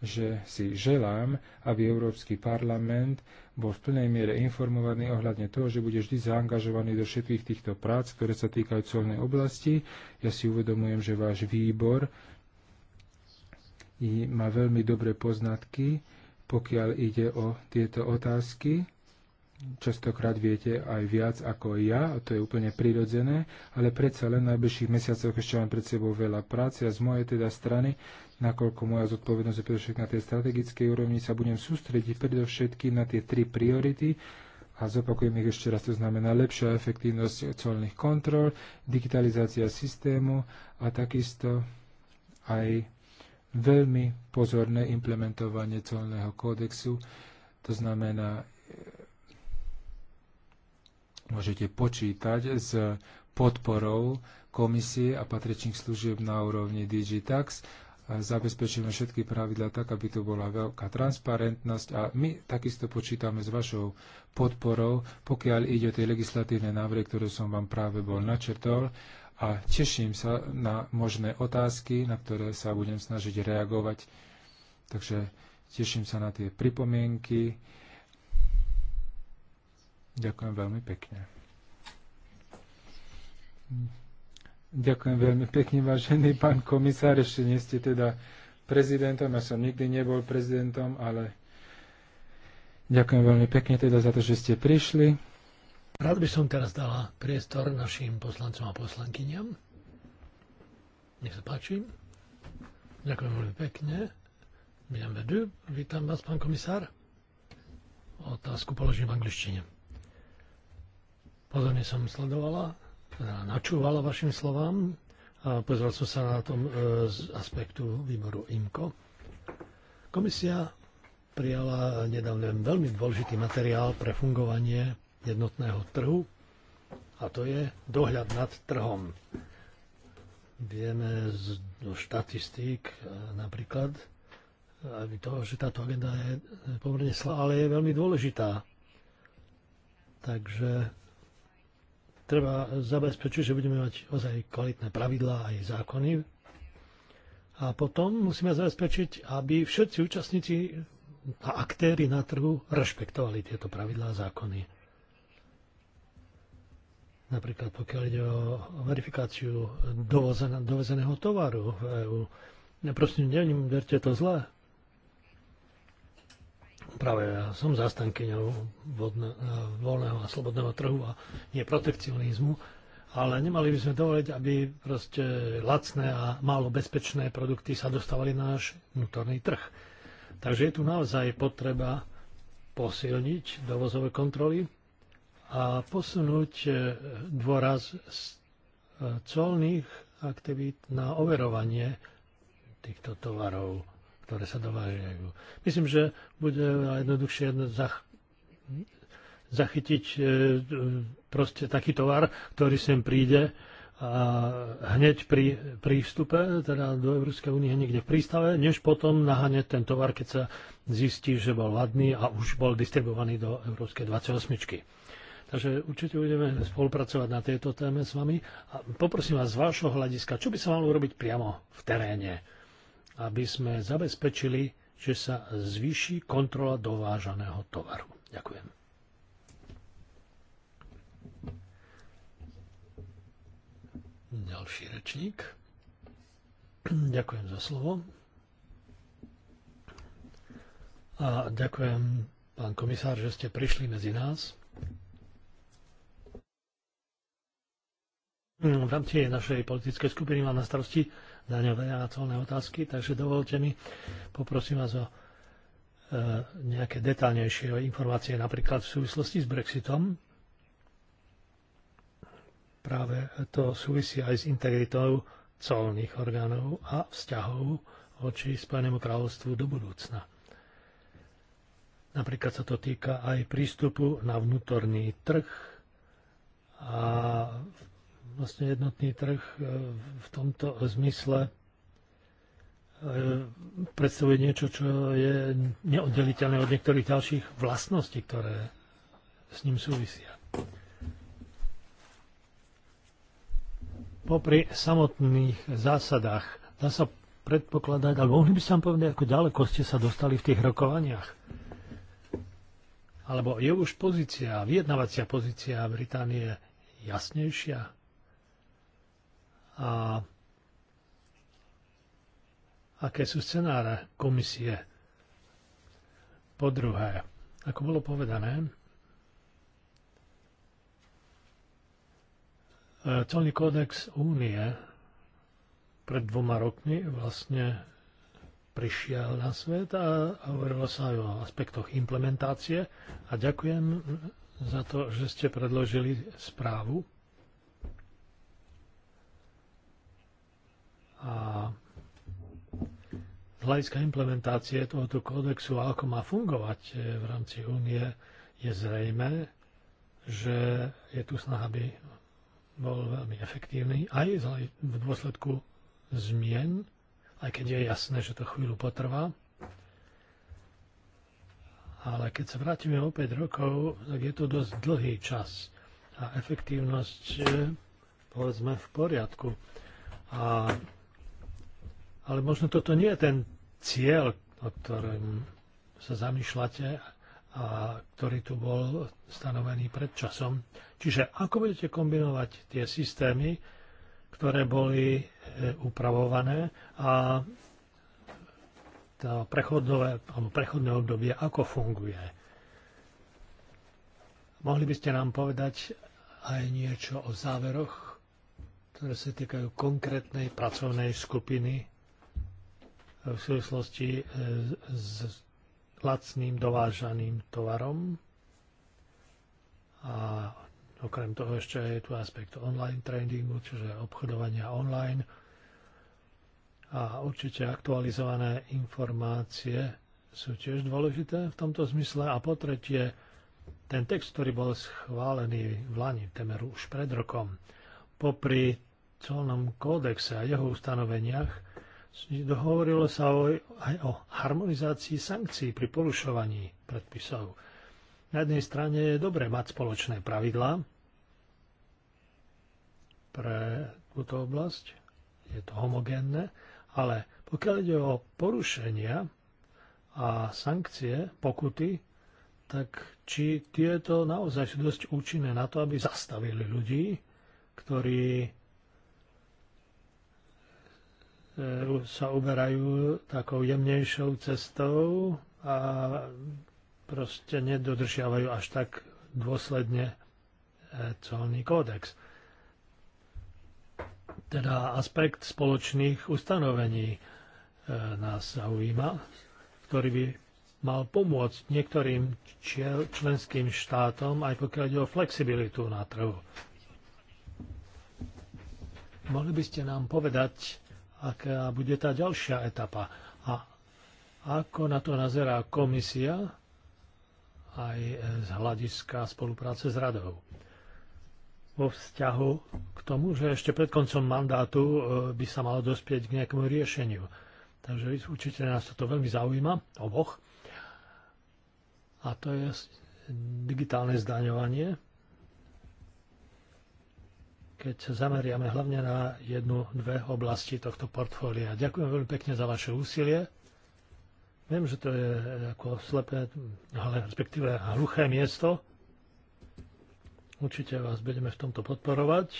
Speaker 2: že si želám, aby Európsky parlament bol v plnej miere informovaný ohľadne toho, že bude vždy zaangažovaný do všetkých týchto prác, ktoré sa týkajú colnej oblasti. Ja si uvedomujem, že váš výbor má veľmi dobré poznatky, pokiaľ ide o tieto otázky častokrát viete aj viac ako ja, a to je úplne prirodzené, ale predsa len v najbližších mesiacoch ešte mám pred sebou veľa práce a z mojej teda strany, nakoľko moja zodpovednosť je predovšetkým na tej strategickej úrovni, sa budem sústrediť predovšetkým na tie tri priority, a zopakujem ich ešte raz, to znamená lepšia efektívnosť colných kontrol, digitalizácia systému a takisto aj veľmi pozorné implementovanie colného kódexu, to znamená môžete počítať s podporou komisie a patričných služieb na úrovni Digitax. Zabezpečíme všetky pravidla tak, aby to bola veľká transparentnosť a my takisto počítame s vašou podporou, pokiaľ ide o tie legislatívne návrhy, ktoré som vám práve bol načrtol a teším sa na možné otázky, na ktoré sa budem snažiť reagovať. Takže teším sa na tie pripomienky Ďakujem veľmi pekne. Ďakujem veľmi pekne, vážený pán komisár. Ešte nie ste teda prezidentom, ja som nikdy nebol prezidentom, ale ďakujem veľmi pekne teda za to, že ste prišli. Rád by som teraz dala
Speaker 3: priestor našim poslancom a poslankyňam. Nech sa páči. Ďakujem veľmi pekne. Vítam vás, pán komisár. Otázku položím v angličtine. Pozorne som sledovala, teda načúvala vašim slovám a pozrel som sa na tom e, z aspektu výboru IMCO. Komisia prijala nedávne veľmi dôležitý materiál pre fungovanie jednotného trhu a to je dohľad nad trhom. Vieme z štatistík e, napríklad to, že táto agenda je pomerne slá, ale je veľmi dôležitá. Takže treba zabezpečiť, že budeme mať ozaj kvalitné pravidlá aj zákony. A potom musíme zabezpečiť, aby všetci účastníci a aktéry na trhu rešpektovali tieto pravidlá a zákony. Napríklad pokiaľ ide o verifikáciu dovezeného tovaru v EU. Prosím, verte to zle, Práve Ja som zastankyňou e, voľného a slobodného trhu a nie protekcionizmu, ale nemali by sme dovoliť, aby proste lacné a málo bezpečné produkty sa dostávali na náš vnútorný trh. Takže je tu naozaj potreba posilniť dovozové kontroly a posunúť e, dôraz z e, colných aktivít na overovanie týchto tovarov ktoré sa dovážajú. Myslím, že bude jednoduchšie zach- zachytiť e, proste taký tovar, ktorý sem príde a hneď pri prístupe teda do Európskej únie niekde v prístave, než potom naháňať ten tovar, keď sa zistí, že bol vadný a už bol distribuovaný do Európskej 28. -čky. Takže určite budeme spolupracovať na tejto téme s vami. A poprosím vás z vášho hľadiska, čo by sa malo urobiť priamo v teréne aby sme zabezpečili, že sa zvýši kontrola dovážaného tovaru. Ďakujem. Ďalší rečník. Ďakujem za slovo. A ďakujem, pán komisár, že ste prišli medzi nás. V rámci našej politickej skupiny mám na starosti daňové a colné otázky, takže dovolte mi, poprosím vás o e, nejaké detálnejšie informácie, napríklad v súvislosti s Brexitom. Práve to súvisí aj s integritou colných orgánov a vzťahov voči Spojenému kráľovstvu do budúcna. Napríklad sa to týka aj prístupu na vnútorný trh a vlastne jednotný trh e, v tomto zmysle e, predstavuje niečo, čo je neoddeliteľné od niektorých ďalších vlastností, ktoré s ním súvisia. Popri samotných zásadách dá sa predpokladať, alebo mohli by sa vám povedať, ako ďaleko ste sa dostali v tých rokovaniach? Alebo je už pozícia, vyjednavacia pozícia Británie jasnejšia? a aké sú scenáre komisie. Po druhé, ako bolo povedané, e, Celný kódex únie pred dvoma rokmi vlastne prišiel na svet a hovorilo sa aj o aspektoch implementácie a ďakujem za to, že ste predložili správu a hľadiska implementácie tohoto kódexu a ako má fungovať e, v rámci únie, je zrejme, že je tu snaha, aby bol veľmi efektívny aj v dôsledku zmien, aj keď je jasné, že to chvíľu potrvá. Ale keď sa vrátime o 5 rokov, tak je to dosť dlhý čas a efektívnosť je, povedzme, v poriadku. A ale možno toto nie je ten cieľ, o ktorom sa zamýšľate a ktorý tu bol stanovený pred časom. Čiže ako budete kombinovať tie systémy, ktoré boli e, upravované a to prechodové, alebo prechodné obdobie, ako funguje. Mohli by ste nám povedať aj niečo o záveroch, ktoré sa týkajú konkrétnej pracovnej skupiny v súvislosti e, s lacným dovážaným tovarom. A okrem toho ešte je tu aspekt online tradingu, čiže obchodovania online. A určite aktualizované informácie sú tiež dôležité v tomto zmysle. A po tretie, ten text, ktorý bol schválený v Lani, temer už pred rokom, popri colnom kódexe a jeho ustanoveniach, Dohovorilo sa o, aj o harmonizácii sankcií pri porušovaní predpisov. Na jednej strane je dobre mať spoločné pravidlá pre túto oblasť, je to homogénne, ale pokiaľ ide o porušenia a sankcie, pokuty, tak či tieto naozaj sú dosť účinné na to, aby zastavili ľudí, ktorí E, sa uberajú takou jemnejšou cestou a proste nedodržiavajú až tak dôsledne e, colný kódex. Teda aspekt spoločných ustanovení e, nás zaujíma, ktorý by mal pomôcť niektorým členským štátom, aj pokiaľ ide o flexibilitu na trhu. Mohli by ste nám povedať, aká bude tá ďalšia etapa. A ako na to nazerá komisia aj z hľadiska spolupráce s radou? Vo vzťahu k tomu, že ešte pred koncom mandátu e, by sa malo dospieť k nejakému riešeniu. Takže určite nás toto veľmi zaujíma, oboch. A to je digitálne zdaňovanie keď sa zameriame hlavne na jednu, dve oblasti tohto portfólia. Ďakujem veľmi pekne za vaše úsilie. Viem, že to je ako slepé, ale respektíve hluché miesto. Určite vás budeme v tomto podporovať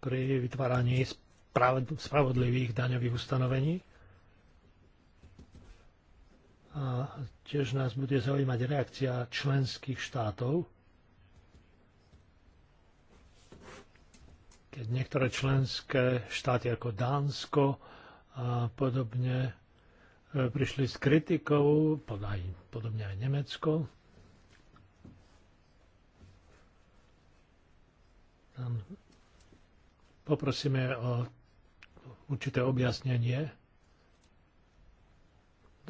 Speaker 3: pri vytváraní spravodlivých daňových ustanovení. A tiež nás bude zaujímať reakcia členských štátov keď niektoré členské štáty ako Dánsko a podobne e, prišli s kritikou, podobne aj Nemecko. poprosíme o určité objasnenie,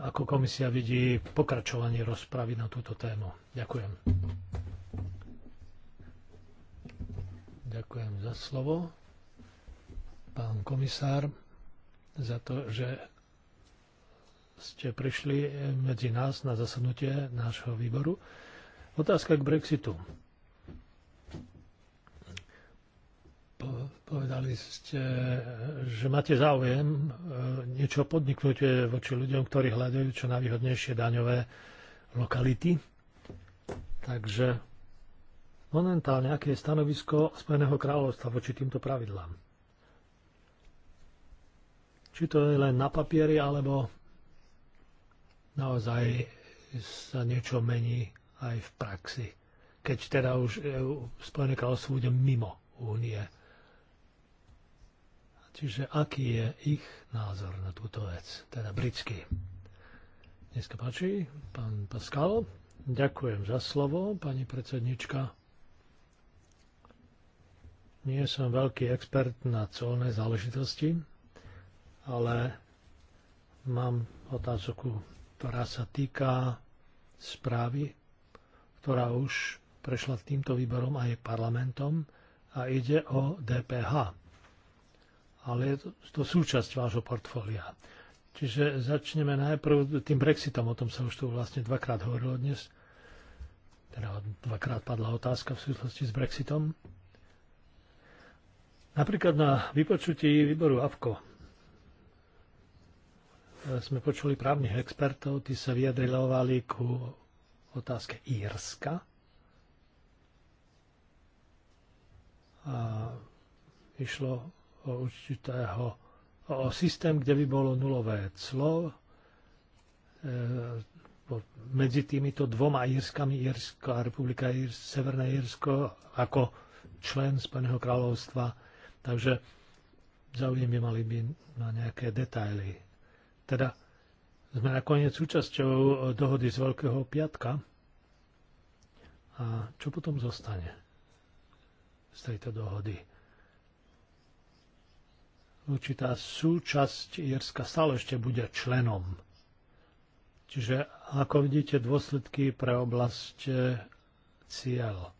Speaker 3: ako komisia vidí pokračovanie rozpravy na túto tému. Ďakujem. Ďakujem za slovo, pán komisár, za to, že ste prišli medzi nás na zasadnutie nášho výboru. Otázka k Brexitu. Povedali ste, že máte záujem e, niečo podniknúť voči ľuďom, ktorí hľadajú čo najvýhodnejšie daňové lokality. Takže momentálne, aké je stanovisko Spojeného kráľovstva voči týmto pravidlám. Či to je len na papieri, alebo naozaj sa niečo mení aj v praxi, keď teda už Spojené kráľovstvo bude mimo únie. Čiže aký je ich názor na túto vec, teda britský. Dneska páči, pán Pascal. Ďakujem za slovo, pani predsednička nie som veľký expert na colné záležitosti, ale mám otázku, ktorá sa týka správy, ktorá už prešla týmto výborom aj parlamentom a ide o DPH. Ale je to, to súčasť vášho portfólia. Čiže začneme najprv tým Brexitom, o tom sa už tu vlastne dvakrát hovorilo dnes. Teda dvakrát padla otázka v súvislosti s Brexitom. Napríklad na vypočutí výboru AVKO sme počuli právnych expertov, tí sa vyjadrilovali ku otázke Írska. A išlo o určitého o systém, kde by bolo nulové clo e, medzi týmito dvoma Írskami, Írska republika, Ír, Severné Írsko, ako člen Spojeného kráľovstva Takže zaujímavé mali by na nejaké detaily. Teda sme nakoniec súčasťou dohody z Veľkého piatka. A čo potom zostane z tejto dohody? Určitá súčasť Jerska stále ešte bude členom. Čiže, ako vidíte, dôsledky pre oblasť e, cieľ.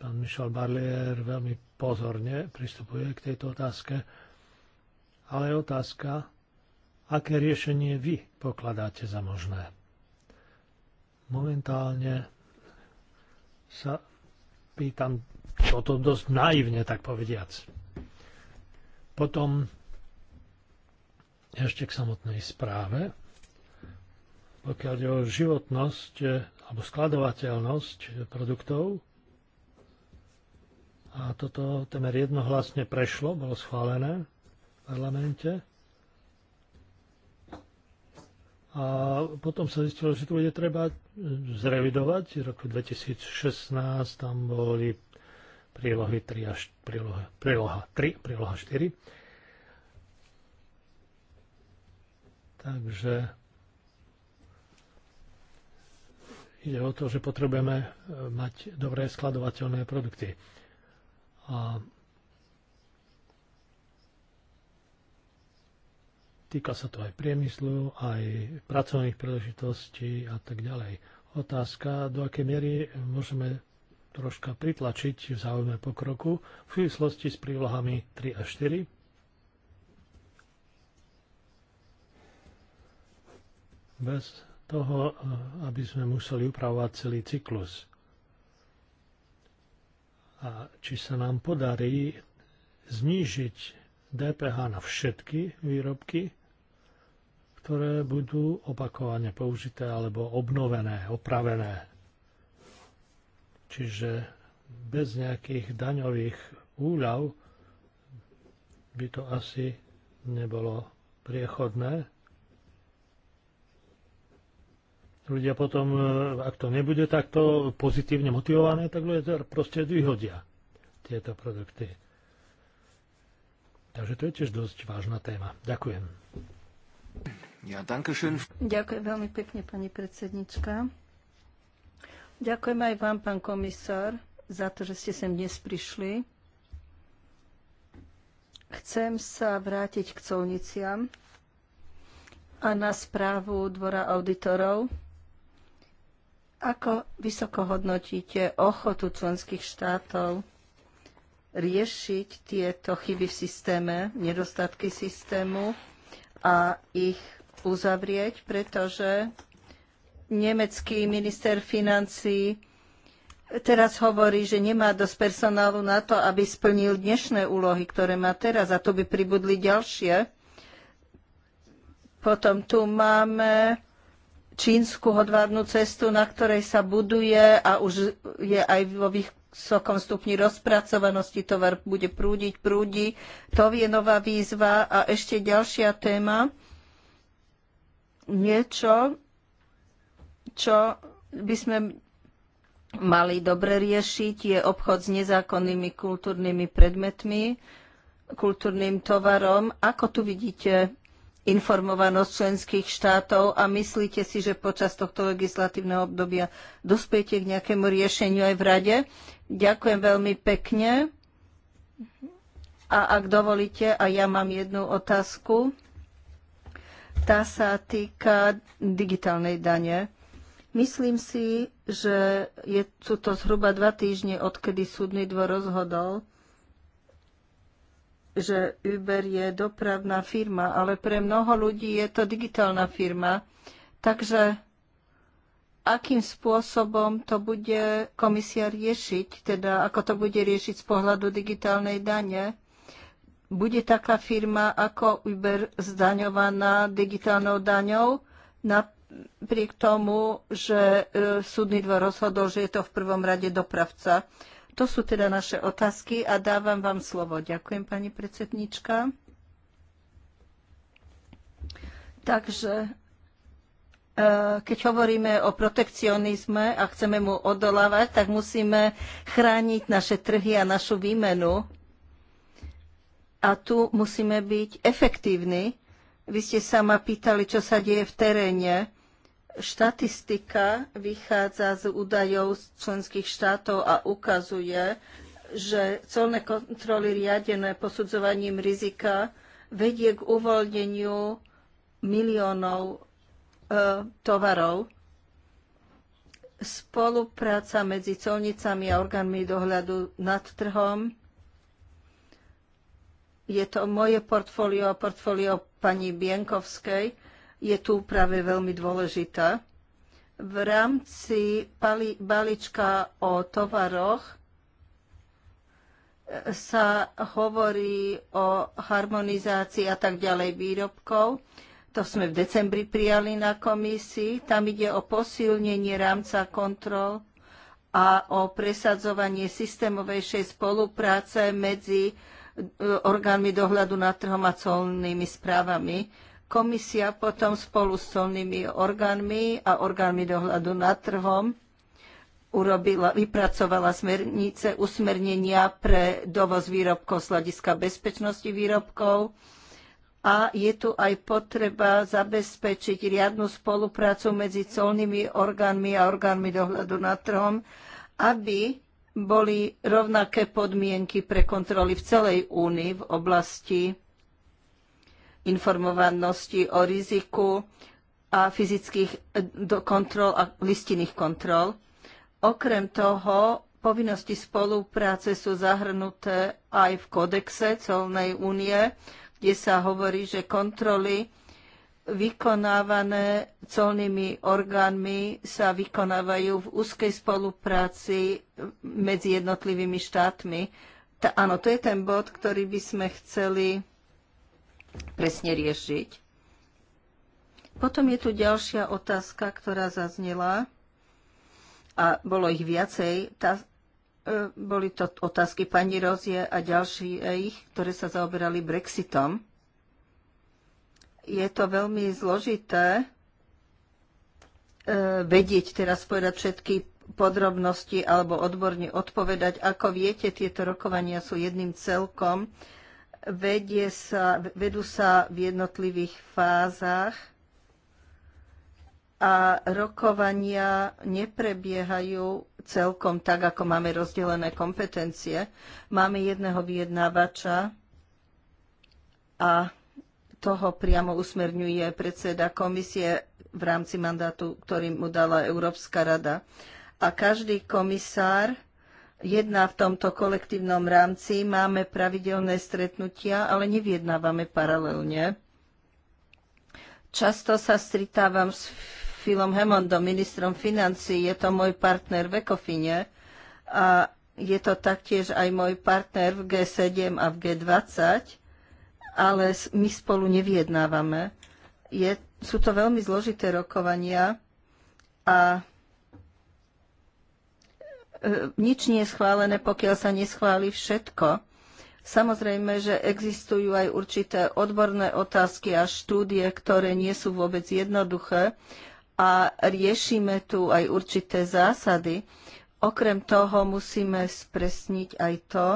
Speaker 3: Pán Michel Barlier veľmi pozorne pristupuje k tejto otázke, ale je otázka, aké riešenie vy pokladáte za možné. Momentálne sa pýtam toto dosť naivne, tak povediac. Potom ešte k samotnej správe. Pokiaľ je o životnosť eh, alebo skladovateľnosť eh, produktov, a toto temer jednohlasne prešlo, bolo schválené v parlamente. A potom sa zistilo, že to bude treba zrevidovať. V roku 2016 tam boli prílohy 3 až príloha, príloha 3, príloha 4. Takže ide o to, že potrebujeme mať dobré skladovateľné produkty. A týka sa to aj priemyslu, aj pracovných príležitostí a tak ďalej. Otázka, do akej miery môžeme troška pritlačiť v záujme pokroku v súvislosti s prílohami 3 a 4. Bez toho, aby sme museli upravovať celý cyklus a či sa nám podarí znížiť DPH na všetky výrobky, ktoré budú opakovane použité alebo obnovené, opravené. Čiže bez nejakých daňových úľav by to asi nebolo priechodné ľudia potom, e, ak to nebude takto pozitívne motivované, tak ľudia proste vyhodia tieto produkty. Takže to je tiež dosť vážna téma. Ďakujem. Ja, dankeschön.
Speaker 4: Ďakujem veľmi pekne, pani predsednička. Ďakujem aj vám, pán komisár, za to, že ste sem dnes prišli. Chcem sa vrátiť k colniciam a na správu Dvora auditorov ako vysoko hodnotíte ochotu členských štátov riešiť tieto chyby v systéme, nedostatky systému a ich uzavrieť, pretože nemecký minister financí teraz hovorí, že nemá dosť personálu na to, aby splnil dnešné úlohy, ktoré má teraz a to by pribudli ďalšie. Potom tu máme čínsku hodvárnu cestu, na ktorej sa buduje a už je aj vo vysokom stupni rozpracovanosti tovar bude prúdiť, prúdi. To je nová výzva. A ešte ďalšia téma. Niečo, čo by sme mali dobre riešiť, je obchod s nezákonnými kultúrnymi predmetmi, kultúrnym tovarom. Ako tu vidíte informovanosť členských štátov a myslíte si, že počas tohto legislatívneho obdobia dospiete k nejakému riešeniu aj v rade? Ďakujem veľmi pekne. A ak dovolíte, a ja mám jednu otázku. Tá sa týka digitálnej dane. Myslím si, že je, sú to zhruba dva týždne, odkedy súdny dvor rozhodol, že Uber je dopravná firma, ale pre mnoho ľudí je to digitálna firma. Takže akým spôsobom to bude komisia riešiť, teda ako to bude riešiť z pohľadu digitálnej dane? Bude taká firma ako Uber zdaňovaná digitálnou daňou? Napriek tomu, že e, súdny dvor rozhodol, že je to v prvom rade dopravca. To sú teda naše otázky a dávam vám slovo. Ďakujem, pani predsednička. Takže e, keď hovoríme o protekcionizme a chceme mu odolávať, tak musíme chrániť naše trhy a našu výmenu. A tu musíme byť efektívni. Vy ste sa ma pýtali, čo sa deje v teréne. Štatistika vychádza z údajov z členských štátov a ukazuje, že colné kontroly riadené posudzovaním rizika vedie k uvoľneniu miliónov e, tovarov. Spolupráca medzi colnicami a orgánmi dohľadu nad trhom. Je to moje portfólio a portfólio pani Bienkovskej je tu práve veľmi dôležitá. V rámci balíčka o tovaroch e, sa hovorí o harmonizácii a tak ďalej výrobkov. To sme v decembri prijali na komisii. Tam ide o posilnenie rámca kontrol a o presadzovanie systémovejšej spolupráce medzi e, orgánmi dohľadu nad trhom a colnými správami. Komisia potom spolu s colnými orgánmi a orgánmi dohľadu nad trhom urobila, vypracovala smernice, usmernenia pre dovoz výrobkov z hľadiska bezpečnosti výrobkov a je tu aj potreba zabezpečiť riadnu spoluprácu medzi colnými orgánmi a orgánmi dohľadu nad trhom, aby boli rovnaké podmienky pre kontroly v celej únii v oblasti informovanosti o riziku a fyzických eh, kontrol a listinných kontrol. Okrem toho, povinnosti spolupráce sú zahrnuté aj v kodexe colnej únie, kde sa hovorí, že kontroly vykonávané colnými orgánmi sa vykonávajú v úzkej spolupráci eh, medzi jednotlivými štátmi. Tá, áno, to je ten bod, ktorý by sme chceli presne riešiť. Potom je tu ďalšia otázka, ktorá zaznela a bolo ich viacej. Tá, e, boli to otázky pani Rozie a ďalší e, ich, ktoré sa zaoberali Brexitom. Je to veľmi zložité e, vedieť teraz povedať všetky podrobnosti alebo odborne odpovedať. Ako viete, tieto rokovania sú jedným celkom vedie sa, vedú sa v jednotlivých fázach a rokovania neprebiehajú celkom tak, ako máme rozdelené kompetencie. Máme jedného vyjednávača a toho priamo usmerňuje predseda komisie v rámci mandátu, ktorý mu dala Európska rada. A každý komisár jedná v tomto kolektívnom rámci, máme pravidelné stretnutia, ale neviednávame paralelne. Často sa stretávam s Filom Hemondom, ministrom financí, je to môj partner v Ekofine a je to taktiež aj môj partner v G7 a v G20, ale my spolu nevyjednávame. Je, sú to veľmi zložité rokovania a E, nič nie je schválené, pokiaľ sa neschváli všetko. Samozrejme, že existujú aj určité odborné otázky a štúdie, ktoré nie sú vôbec jednoduché a riešime tu aj určité zásady. Okrem toho musíme spresniť aj to,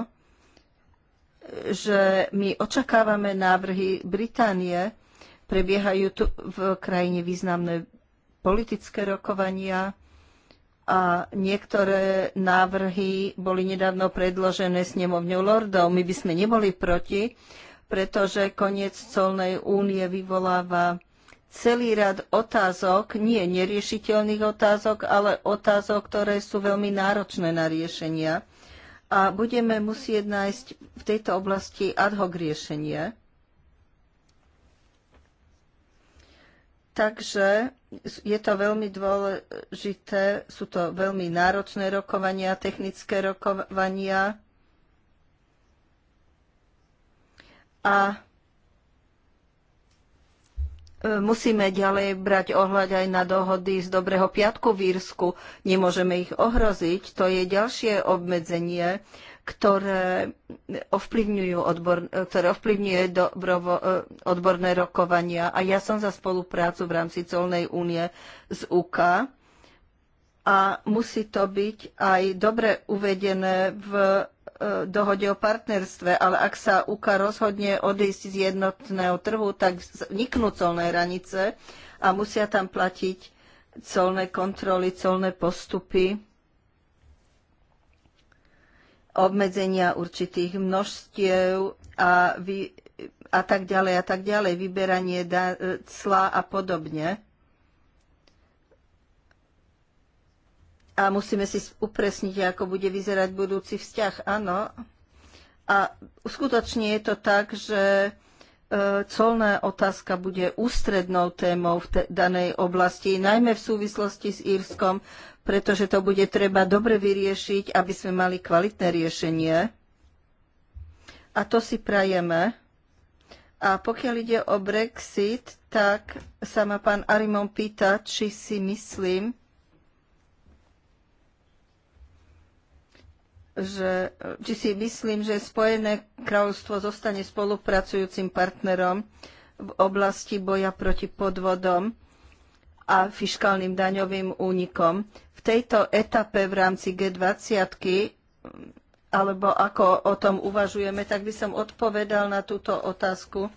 Speaker 4: že my očakávame návrhy Británie, prebiehajú tu v krajine významné politické rokovania, a niektoré návrhy boli nedávno predložené snemovňou lordov. My by sme neboli proti, pretože koniec colnej únie vyvoláva celý rad otázok, nie neriešiteľných otázok, ale otázok, ktoré sú veľmi náročné na riešenia. A budeme musieť nájsť v tejto oblasti ad hoc riešenie. Takže je to veľmi dôležité, sú to veľmi náročné rokovania, technické rokovania. A e, musíme ďalej brať ohľad aj na dohody z Dobrého piatku v Írsku. Nemôžeme ich ohroziť, to je ďalšie obmedzenie ktoré ovplyvňujú odbor, ktoré ovplyvňuje dobrovo, e, odborné rokovania. A ja som za spoluprácu v rámci colnej únie z UK. A musí to byť aj dobre uvedené v e, dohode o partnerstve, ale ak sa UK rozhodne odísť z jednotného trhu, tak vzniknú colné hranice a musia tam platiť colné kontroly, colné postupy obmedzenia určitých množstiev a, vy, a tak ďalej a tak ďalej, vyberanie da, cla a podobne. A musíme si upresniť, ako bude vyzerať budúci vzťah. Áno. A skutočne je to tak, že colná otázka bude ústrednou témou v danej oblasti, najmä v súvislosti s Írskom, pretože to bude treba dobre vyriešiť, aby sme mali kvalitné riešenie. A to si prajeme. A pokiaľ ide o Brexit, tak sa ma pán Arimon pýta, či si myslím, že, či si myslím, že Spojené kráľovstvo zostane spolupracujúcim partnerom v oblasti boja proti podvodom a fiškálnym daňovým únikom. V tejto etape v rámci G20 alebo ako o tom uvažujeme, tak by som odpovedal na túto otázku,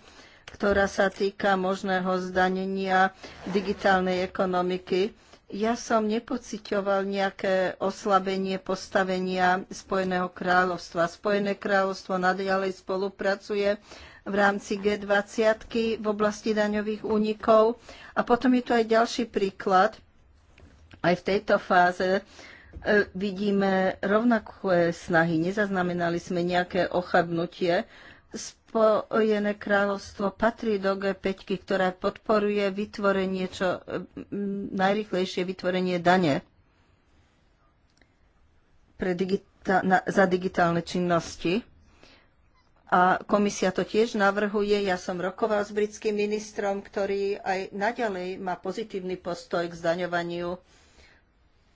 Speaker 4: ktorá sa týka možného zdanenia digitálnej ekonomiky ja som nepociťoval nejaké oslabenie postavenia Spojeného kráľovstva. Spojené kráľovstvo nadalej spolupracuje v rámci G20 v oblasti daňových únikov. A potom je tu aj ďalší príklad. Aj v tejto fáze e, vidíme rovnaké snahy. Nezaznamenali sme nejaké ochabnutie Spojené kráľovstvo patrí do G5, ktorá podporuje vytvorenie čo mm, najrychlejšie vytvorenie dane pre digita- na, za digitálne činnosti. A komisia to tiež navrhuje. Ja som rokoval s britským ministrom, ktorý aj naďalej má pozitívny postoj k zdaňovaniu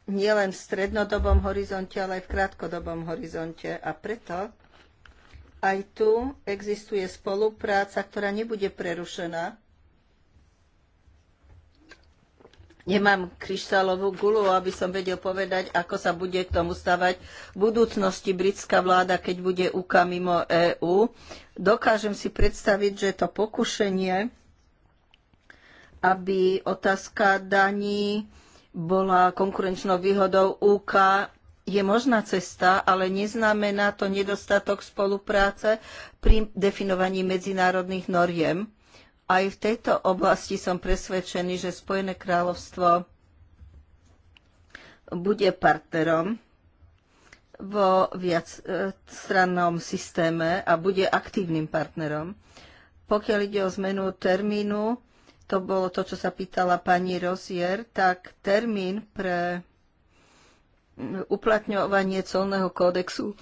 Speaker 4: nielen v strednodobom horizonte, ale aj v krátkodobom horizonte. A preto aj tu existuje spolupráca, ktorá nebude prerušená. Nemám kryštálovú gulu, aby som vedel povedať, ako sa bude k tomu stavať v budúcnosti britská vláda, keď bude UKA mimo EÚ. Dokážem si predstaviť, že to pokušenie, aby otázka daní bola konkurenčnou výhodou UK, je možná cesta, ale neznamená to nedostatok spolupráce pri definovaní medzinárodných noriem. Aj v tejto oblasti som presvedčený, že Spojené kráľovstvo bude partnerom vo viacstrannom e, systéme a bude aktívnym partnerom. Pokiaľ ide o zmenu termínu, to bolo to, čo sa pýtala pani Rozier, tak termín pre uplatňovanie colného kódexu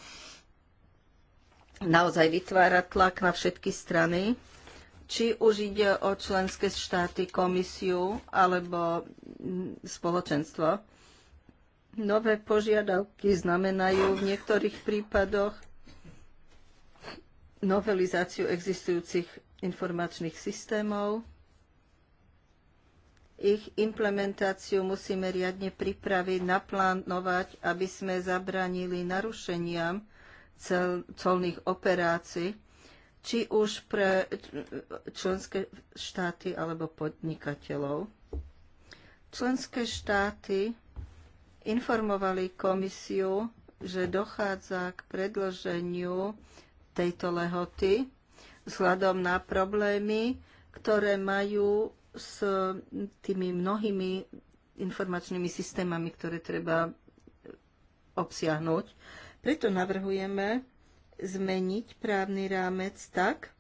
Speaker 4: naozaj vytvára tlak na všetky strany, či už ide o členské štáty, komisiu alebo spoločenstvo. Nové požiadavky znamenajú v niektorých prípadoch novelizáciu existujúcich informačných systémov, ich implementáciu musíme riadne pripraviť, naplánovať, aby sme zabranili narušeniam cel, colných operácií, či už pre členské štáty alebo podnikateľov. Členské štáty informovali komisiu, že dochádza k predloženiu tejto lehoty vzhľadom na problémy, ktoré majú s tými mnohými informačnými systémami, ktoré treba obsiahnuť. Preto navrhujeme zmeniť právny rámec tak,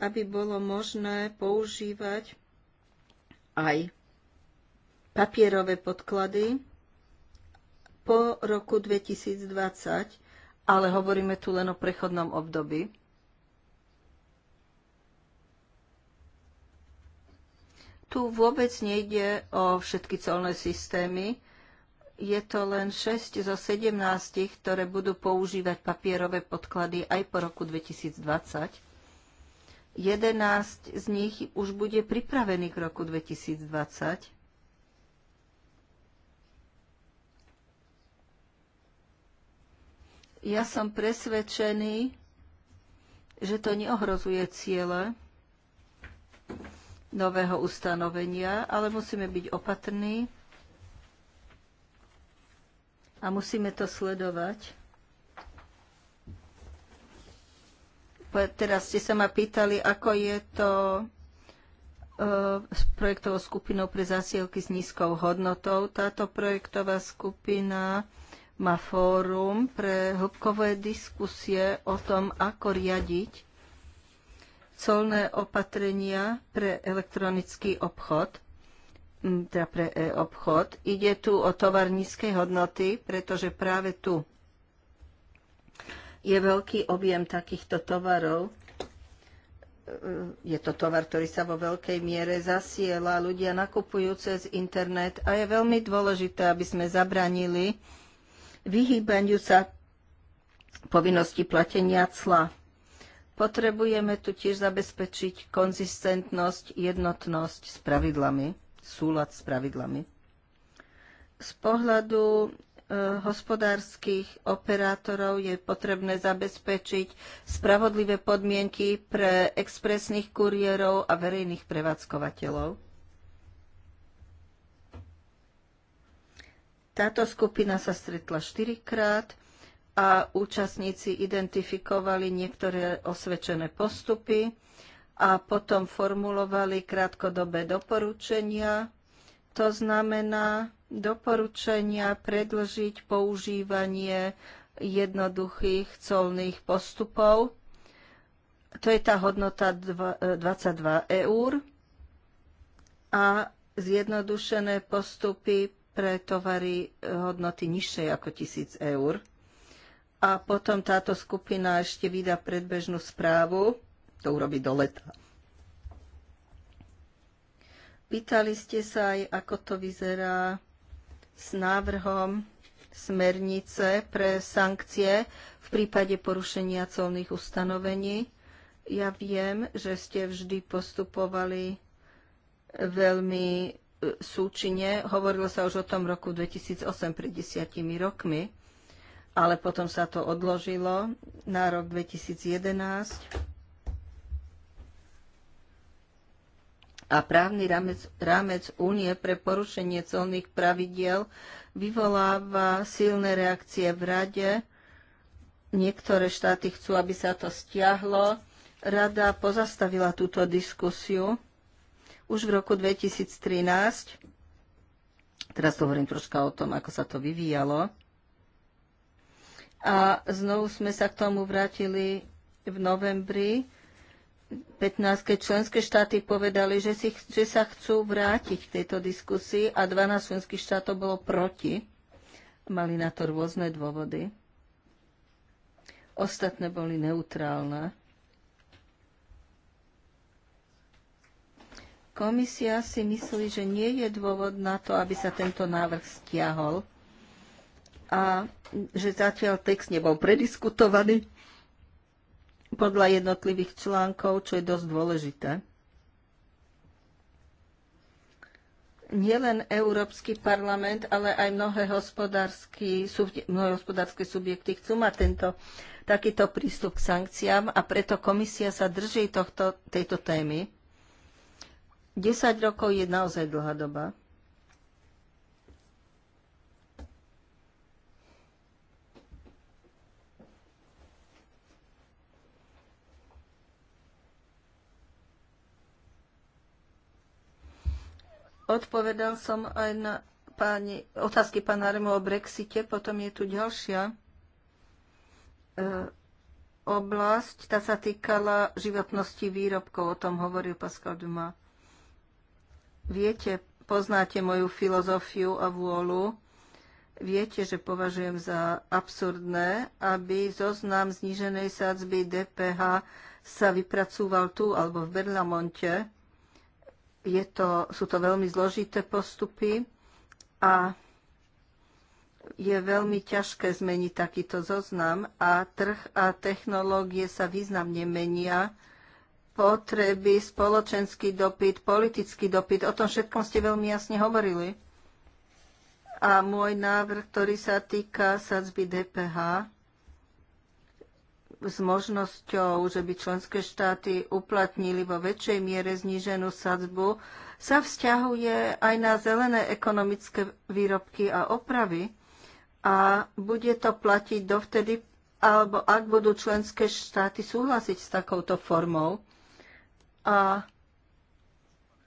Speaker 4: aby bolo možné používať aj papierové podklady po roku 2020, ale hovoríme tu len o prechodnom období. Tu vôbec nejde o všetky colné systémy. Je to len 6 zo 17, ktoré budú používať papierové podklady aj po roku 2020. 11 z nich už bude pripravených k roku 2020. Ja som presvedčený, že to neohrozuje ciele, nového ustanovenia, ale musíme byť opatrní a musíme to sledovať. Teraz ste sa ma pýtali, ako je to e, s projektovou skupinou pre zasielky s nízkou hodnotou. Táto projektová skupina má fórum pre hĺbkové diskusie o tom, ako riadiť colné opatrenia pre elektronický obchod, teda pre e-obchod. Ide tu o tovar nízkej hodnoty, pretože práve tu je veľký objem takýchto tovarov. E, je to tovar, ktorý sa vo veľkej miere zasiela, ľudia nakupujú cez internet a je veľmi dôležité, aby sme zabranili vyhýbaniu sa povinnosti platenia cla. Potrebujeme tu tiež zabezpečiť konzistentnosť, jednotnosť s pravidlami, súlad s pravidlami. Z pohľadu e, hospodárskych operátorov je potrebné zabezpečiť spravodlivé podmienky pre expresných kuriérov a verejných prevádzkovateľov. Táto skupina sa stretla štyrikrát a účastníci identifikovali niektoré osvedčené postupy a potom formulovali krátkodobé doporučenia. To znamená doporučenia predlžiť používanie jednoduchých colných postupov. To je tá hodnota 22 eur a zjednodušené postupy pre tovary hodnoty nižšej ako 1000 eur a potom táto skupina ešte vydá predbežnú správu, to urobí do leta. Pýtali ste sa aj, ako to vyzerá s návrhom smernice pre sankcie v prípade porušenia colných ustanovení. Ja viem, že ste vždy postupovali veľmi e, súčine. Hovorilo sa už o tom roku 2008 pred desiatimi rokmi ale potom sa to odložilo na rok 2011. A právny rámec, rámec únie pre porušenie colných pravidiel vyvoláva silné reakcie v rade. Niektoré štáty chcú, aby sa to stiahlo. Rada pozastavila túto diskusiu už v roku 2013. Teraz hovorím troška o tom, ako sa to vyvíjalo. A znovu sme sa k tomu vrátili v novembri 15, keď členské štáty povedali, že, si, že sa chcú vrátiť k tejto diskusii a 12 členských štátov bolo proti. Mali na to rôzne dôvody. Ostatné boli neutrálne. Komisia si myslí, že nie je dôvod na to, aby sa tento návrh stiahol a že zatiaľ text nebol prediskutovaný podľa jednotlivých článkov, čo je dosť dôležité. nielen Európsky parlament, ale aj mnohé hospodárske subjekty chcú mať tento, takýto prístup k sankciám a preto komisia sa drží tohto, tejto témy. 10 rokov je naozaj dlhá doba. Odpovedal som aj na páni, otázky pána Remu o Brexite. Potom je tu ďalšia e, oblasť. Tá sa týkala životnosti výrobkov. O tom hovoril Pascal Duma. Viete, poznáte moju filozofiu a vôľu viete, že považujem za absurdné, aby zoznam zníženej sádzby DPH sa vypracúval tu alebo v Berlamonte. Je to, sú to veľmi zložité postupy a je veľmi ťažké zmeniť takýto zoznam a trh a technológie sa významne menia. Potreby, spoločenský dopyt, politický dopyt, o tom všetkom ste veľmi jasne hovorili. A môj návrh, ktorý sa týka sadzby DPH, s možnosťou, že by členské štáty uplatnili vo väčšej miere zníženú sadzbu, sa vzťahuje aj na zelené ekonomické výrobky a opravy a bude to platiť dovtedy, alebo ak budú členské štáty súhlasiť s takouto formou. A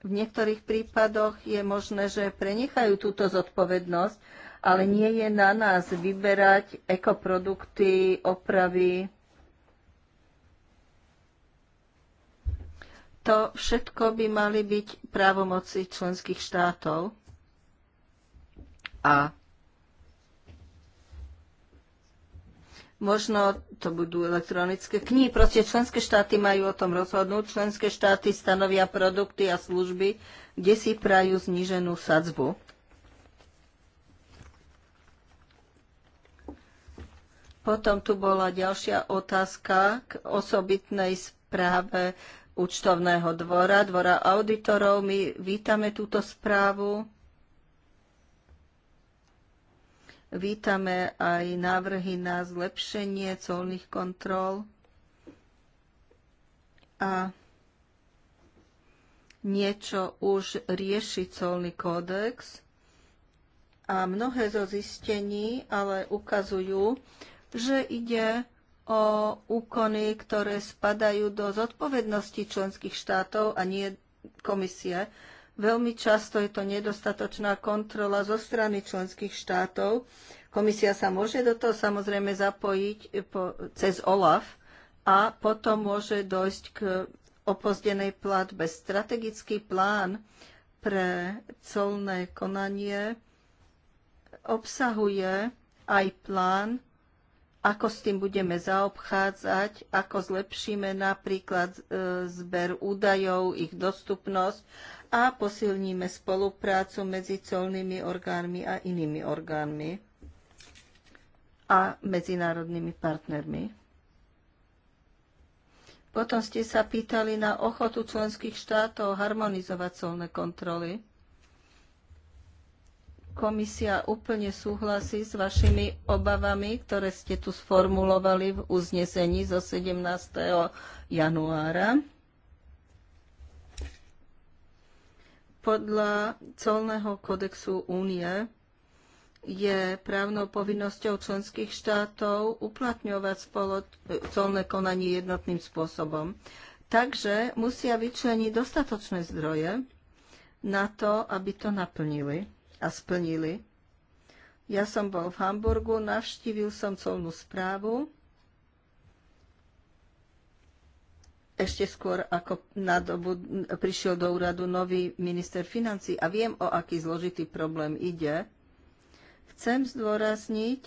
Speaker 4: v niektorých prípadoch je možné, že prenechajú túto zodpovednosť, ale nie je na nás vyberať ekoprodukty, opravy To všetko by mali byť právomoci členských štátov. A možno to budú elektronické knihy. Proste členské štáty majú o tom rozhodnúť. Členské štáty stanovia produkty a služby, kde si prajú zníženú sadzbu. Potom tu bola ďalšia otázka k osobitnej správe účtovného dvora, dvora auditorov. My vítame túto správu. Vítame aj návrhy na zlepšenie colných kontrol a niečo už rieši colný kódex. A mnohé zo zistení ale ukazujú, že ide o úkony, ktoré spadajú do zodpovednosti členských štátov a nie komisie. Veľmi často je to nedostatočná kontrola zo strany členských štátov. Komisia sa môže do toho samozrejme zapojiť po, cez OLAF a potom môže dojsť k opozdenej platbe. Strategický plán pre colné konanie obsahuje aj plán ako s tým budeme zaobchádzať, ako zlepšíme napríklad e, zber údajov, ich dostupnosť a posilníme spoluprácu medzi colnými orgánmi a inými orgánmi a medzinárodnými partnermi. Potom ste sa pýtali na ochotu členských štátov harmonizovať colné kontroly. Komisia úplne súhlasí s vašimi obavami, ktoré ste tu sformulovali v uznesení zo 17. januára. Podľa colného kodexu únie je právnou povinnosťou členských štátov uplatňovať spolo- colné konanie jednotným spôsobom. Takže musia vyčleniť dostatočné zdroje na to, aby to naplnili a splnili. Ja som bol v Hamburgu, navštívil som colnú správu, ešte skôr ako na dobu prišiel do úradu nový minister financí a viem, o aký zložitý problém ide. Chcem zdôrazniť,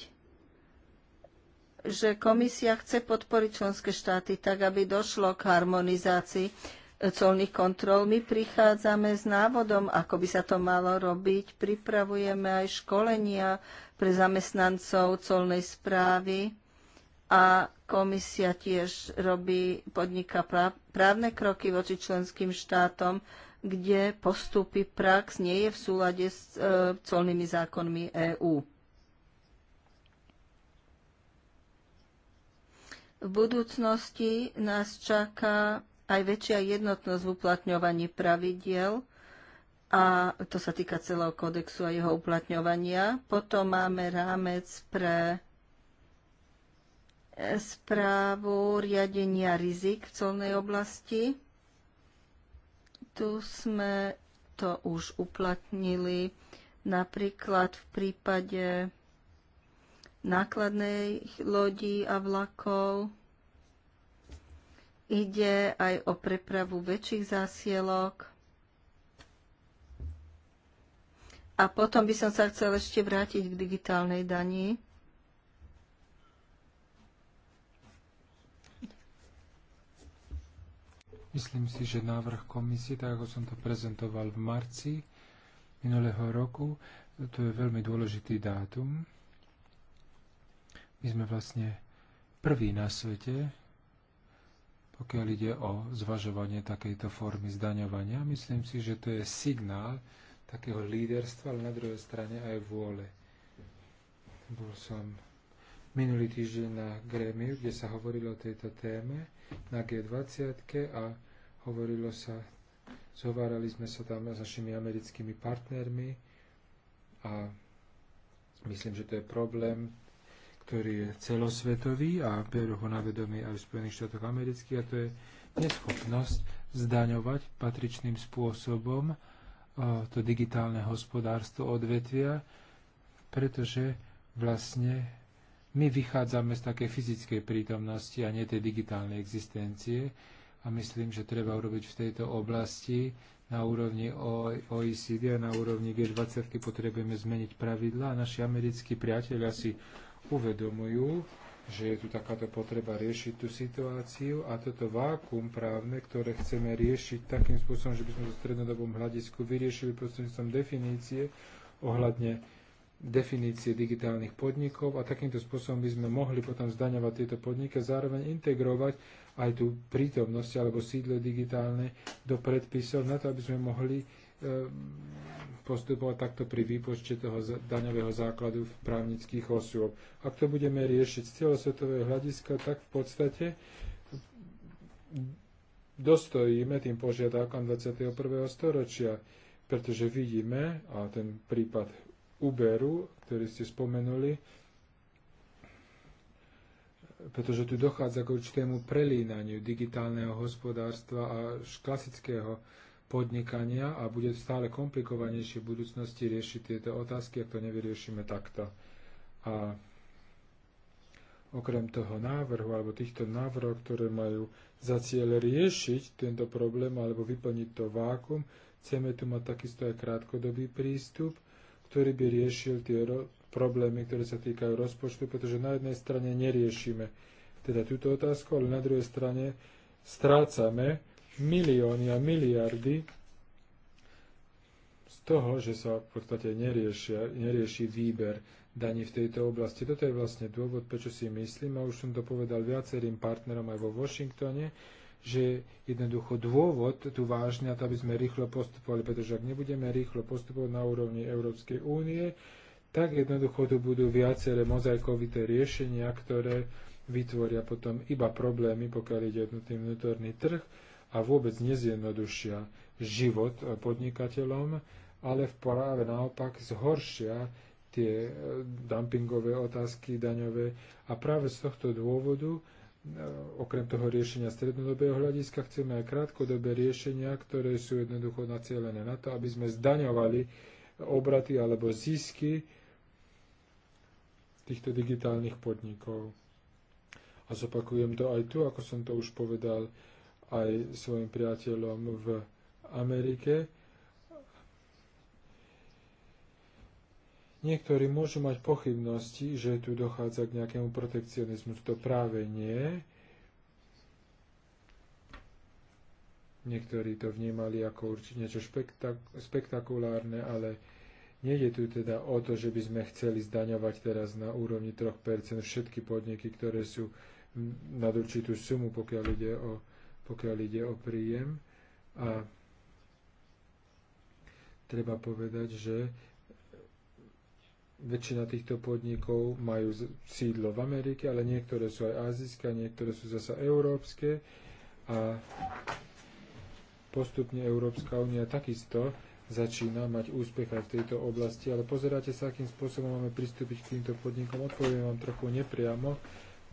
Speaker 4: že komisia chce podporiť členské štáty tak, aby došlo k harmonizácii colných kontrol. My prichádzame s návodom, ako by sa to malo robiť. Pripravujeme aj školenia pre zamestnancov colnej správy a komisia tiež robí, podniká právne kroky voči členským štátom, kde postupy prax nie je v súlade s e, colnými zákonmi EÚ. V budúcnosti nás čaká aj väčšia jednotnosť v uplatňovaní pravidiel, a to sa týka celého kódexu a jeho uplatňovania. Potom máme rámec pre e, správu riadenia rizik v celnej oblasti. Tu sme to už uplatnili napríklad v prípade nákladnej lodí a vlakov Ide aj o prepravu väčších zásielok. A potom by som sa chcel ešte vrátiť k digitálnej dani.
Speaker 2: Myslím si, že návrh komisie, tak ako som to prezentoval v marci minulého roku, to je veľmi dôležitý dátum. My sme vlastne prví na svete, pokiaľ ide o zvažovanie takejto formy zdaňovania. Myslím si, že to je signál takého líderstva, ale na druhej strane aj vôle. Bol som minulý týždeň na grémiu, kde sa hovorilo o tejto téme, na G20 a hovorilo sa, zhovárali sme sa tam s našimi americkými partnermi a myslím, že to je problém, ktorý je celosvetový a berú ho na vedomie aj v Spojených štátoch amerických a to je neschopnosť zdaňovať patričným spôsobom e, to digitálne hospodárstvo odvetvia, pretože vlastne my vychádzame z takej fyzickej prítomnosti a nie tej digitálnej existencie a myslím, že treba urobiť v tejto oblasti na úrovni OECD a na úrovni G20 potrebujeme zmeniť pravidla a naši americkí priatelia si uvedomujú, že je tu takáto potreba riešiť tú situáciu a toto vákum právne, ktoré chceme riešiť takým spôsobom, že by sme to v strednodobom hľadisku vyriešili prostredníctvom definície ohľadne definície digitálnych podnikov a takýmto spôsobom by sme mohli potom zdaňovať tieto podniky a zároveň integrovať aj tú prítomnosť alebo sídlo digitálne do predpisov na to, aby sme mohli e, postupovať takto pri výpočte toho daňového základu v právnických osôb. Ak to budeme riešiť z celosvetového hľadiska, tak v podstate dostojíme tým požiadavkám 21. storočia, pretože vidíme, a ten prípad Uberu, ktorý ste spomenuli, pretože tu dochádza k určitému prelínaniu digitálneho hospodárstva a klasického podnikania a bude stále komplikovanejšie v budúcnosti riešiť tieto otázky, ak to nevyriešime takto. A okrem toho návrhu alebo týchto návrhov, ktoré majú za cieľ riešiť tento problém alebo vyplniť to vákum, chceme tu mať takisto aj krátkodobý prístup, ktorý by riešil tie problémy, ktoré sa týkajú rozpočtu, pretože na jednej strane neriešime teda túto otázku, ale na druhej strane strácame milióny a miliardy z toho, že sa v podstate neriešia, nerieši výber daní v tejto oblasti. Toto je vlastne dôvod, prečo si myslím, a už som to povedal viacerým partnerom aj vo Washingtone, že jednoducho dôvod tu vážne, to aby sme rýchlo postupovali, pretože ak nebudeme rýchlo postupovať na úrovni Európskej únie, tak jednoducho tu budú viaceré mozaikovité riešenia, ktoré vytvoria potom iba problémy, pokiaľ ide jednotný vnútorný trh a vôbec nezjednodušia život eh, podnikateľom, ale práve naopak zhoršia tie eh, dumpingové otázky daňové. A práve z tohto dôvodu, eh, okrem toho riešenia strednodobého hľadiska, chceme aj krátkodobé riešenia, ktoré sú jednoducho nacielené na to, aby sme zdaňovali obraty alebo zisky týchto digitálnych podnikov. A zopakujem to aj tu, ako som to už povedal, aj svojim priateľom v Amerike. Niektorí môžu mať pochybnosti, že tu dochádza k nejakému protekcionizmu. To práve nie. Niektorí to vnímali ako určite niečo špektak- spektakulárne, ale nejde tu teda o to, že by sme chceli zdaňovať teraz na úrovni 3% všetky podniky, ktoré sú nad určitú sumu, pokiaľ ide o pokiaľ ide o príjem. A treba povedať, že väčšina týchto podnikov majú sídlo v Amerike, ale niektoré sú aj azijské, niektoré sú zasa európske a postupne Európska únia takisto začína mať úspech aj v tejto oblasti, ale pozeráte sa, akým spôsobom máme pristúpiť k týmto podnikom. Odpoviem vám trochu nepriamo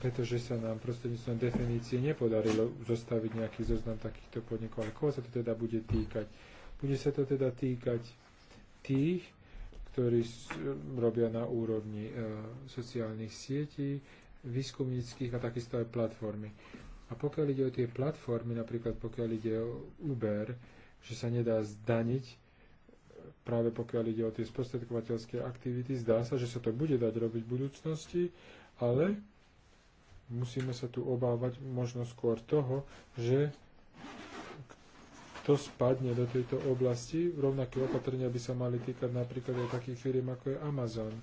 Speaker 2: pretože sa nám prostredníctvom definície nepodarilo zostaviť nejaký zoznam takýchto podnikov. Ale koho sa to teda bude týkať? Bude sa to teda týkať tých, ktorí robia na úrovni e, sociálnych sietí, výskumníckých a takisto aj platformy. A pokiaľ ide o tie platformy, napríklad pokiaľ ide o Uber, že sa nedá zdaniť, e, práve pokiaľ ide o tie sprostredkovateľské aktivity, zdá sa, že sa to bude dať robiť v budúcnosti, ale musíme sa tu obávať možno skôr toho, že to spadne do tejto oblasti. Rovnaké opatrenia by sa mali týkať napríklad aj takých firm ako je Amazon.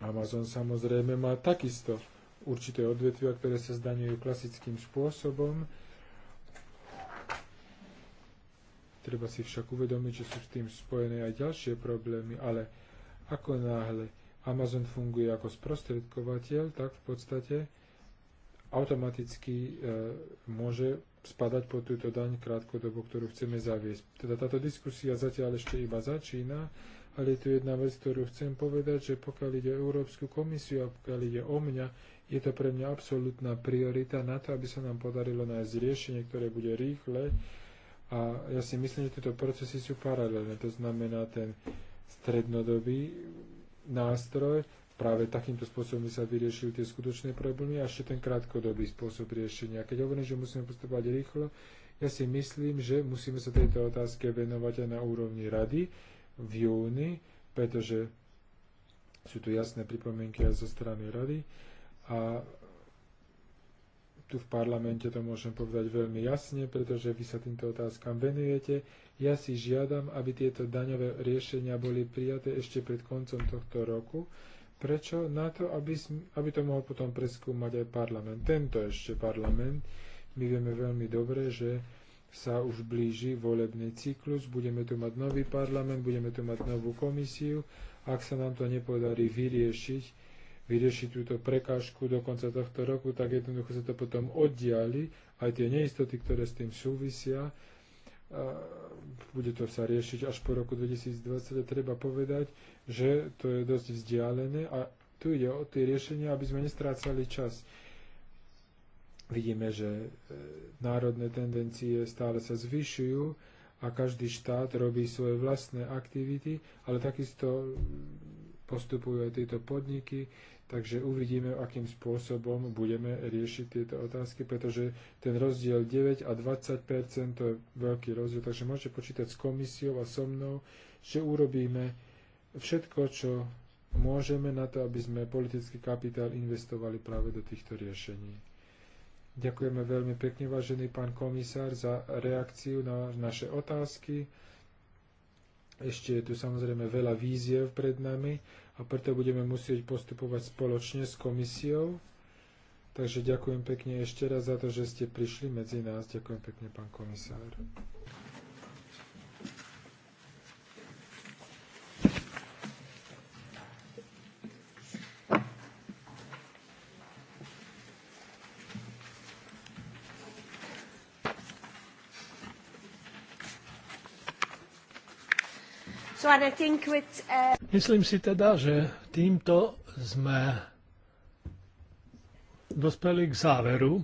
Speaker 2: Amazon samozrejme má takisto určité odvetvia, ktoré sa zdaňujú klasickým spôsobom. Treba si však uvedomiť, že sú s tým spojené aj ďalšie problémy, ale ako náhle Amazon funguje ako sprostredkovateľ, tak v podstate automaticky e, môže spadať pod túto daň krátkodobo, ktorú chceme zaviesť. Teda táto diskusia zatiaľ ešte iba začína, ale je tu jedna vec, ktorú chcem povedať, že pokiaľ ide o Európsku komisiu a pokiaľ ide o mňa, je to pre mňa absolútna priorita na to, aby sa nám podarilo nájsť riešenie, ktoré bude rýchle. A ja si myslím, že tieto procesy sú paralelné. To znamená, ten strednodobý nástroj, práve takýmto spôsobom by sa vyriešili tie skutočné problémy a ešte ten krátkodobý spôsob riešenia. Keď hovorím, že musíme postupovať rýchlo, ja si myslím, že musíme sa tejto otázke venovať aj na úrovni rady v júni, pretože sú tu jasné pripomienky aj zo strany rady a tu v parlamente to môžem povedať veľmi jasne, pretože vy sa týmto otázkam venujete ja si žiadam, aby tieto daňové riešenia boli prijaté ešte pred koncom tohto roku. Prečo? Na to, aby, aby to mohol potom preskúmať aj parlament. Tento ešte parlament. My vieme veľmi dobre, že sa už blíži volebný cyklus, budeme tu mať nový parlament, budeme tu mať novú komisiu. Ak sa nám to nepodarí vyriešiť, vyriešiť túto prekážku do konca tohto roku, tak jednoducho sa to potom oddiali, aj tie neistoty, ktoré s tým súvisia bude to sa riešiť až po roku 2020 a treba povedať, že to je dosť vzdialené a tu ide o tie riešenia, aby sme nestrácali čas. Vidíme, že e, národné tendencie stále sa zvyšujú a každý štát robí svoje vlastné aktivity, ale takisto postupujú aj tieto podniky, Takže uvidíme, akým spôsobom budeme riešiť tieto otázky, pretože ten rozdiel 9 a 20 to je veľký rozdiel. Takže môžete počítať s komisiou a so mnou, že urobíme všetko, čo môžeme na to, aby sme politický kapitál investovali práve do týchto riešení. Ďakujeme veľmi pekne, vážený pán komisár, za reakciu na naše otázky. Ešte je tu samozrejme veľa víziev pred nami a preto budeme musieť postupovať spoločne s komisiou. Takže ďakujem pekne ešte raz za to, že ste prišli medzi nás. Ďakujem pekne, pán komisár.
Speaker 4: So I think with, uh...
Speaker 3: Myslím si teda, že týmto sme dospeli k záveru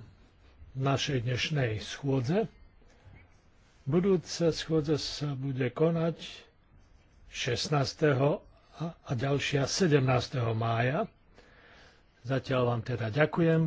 Speaker 3: našej dnešnej schôdze. Budúce schôdze sa bude konať 16. a ďalšia 17. mája. Zatiaľ vám teda ďakujem.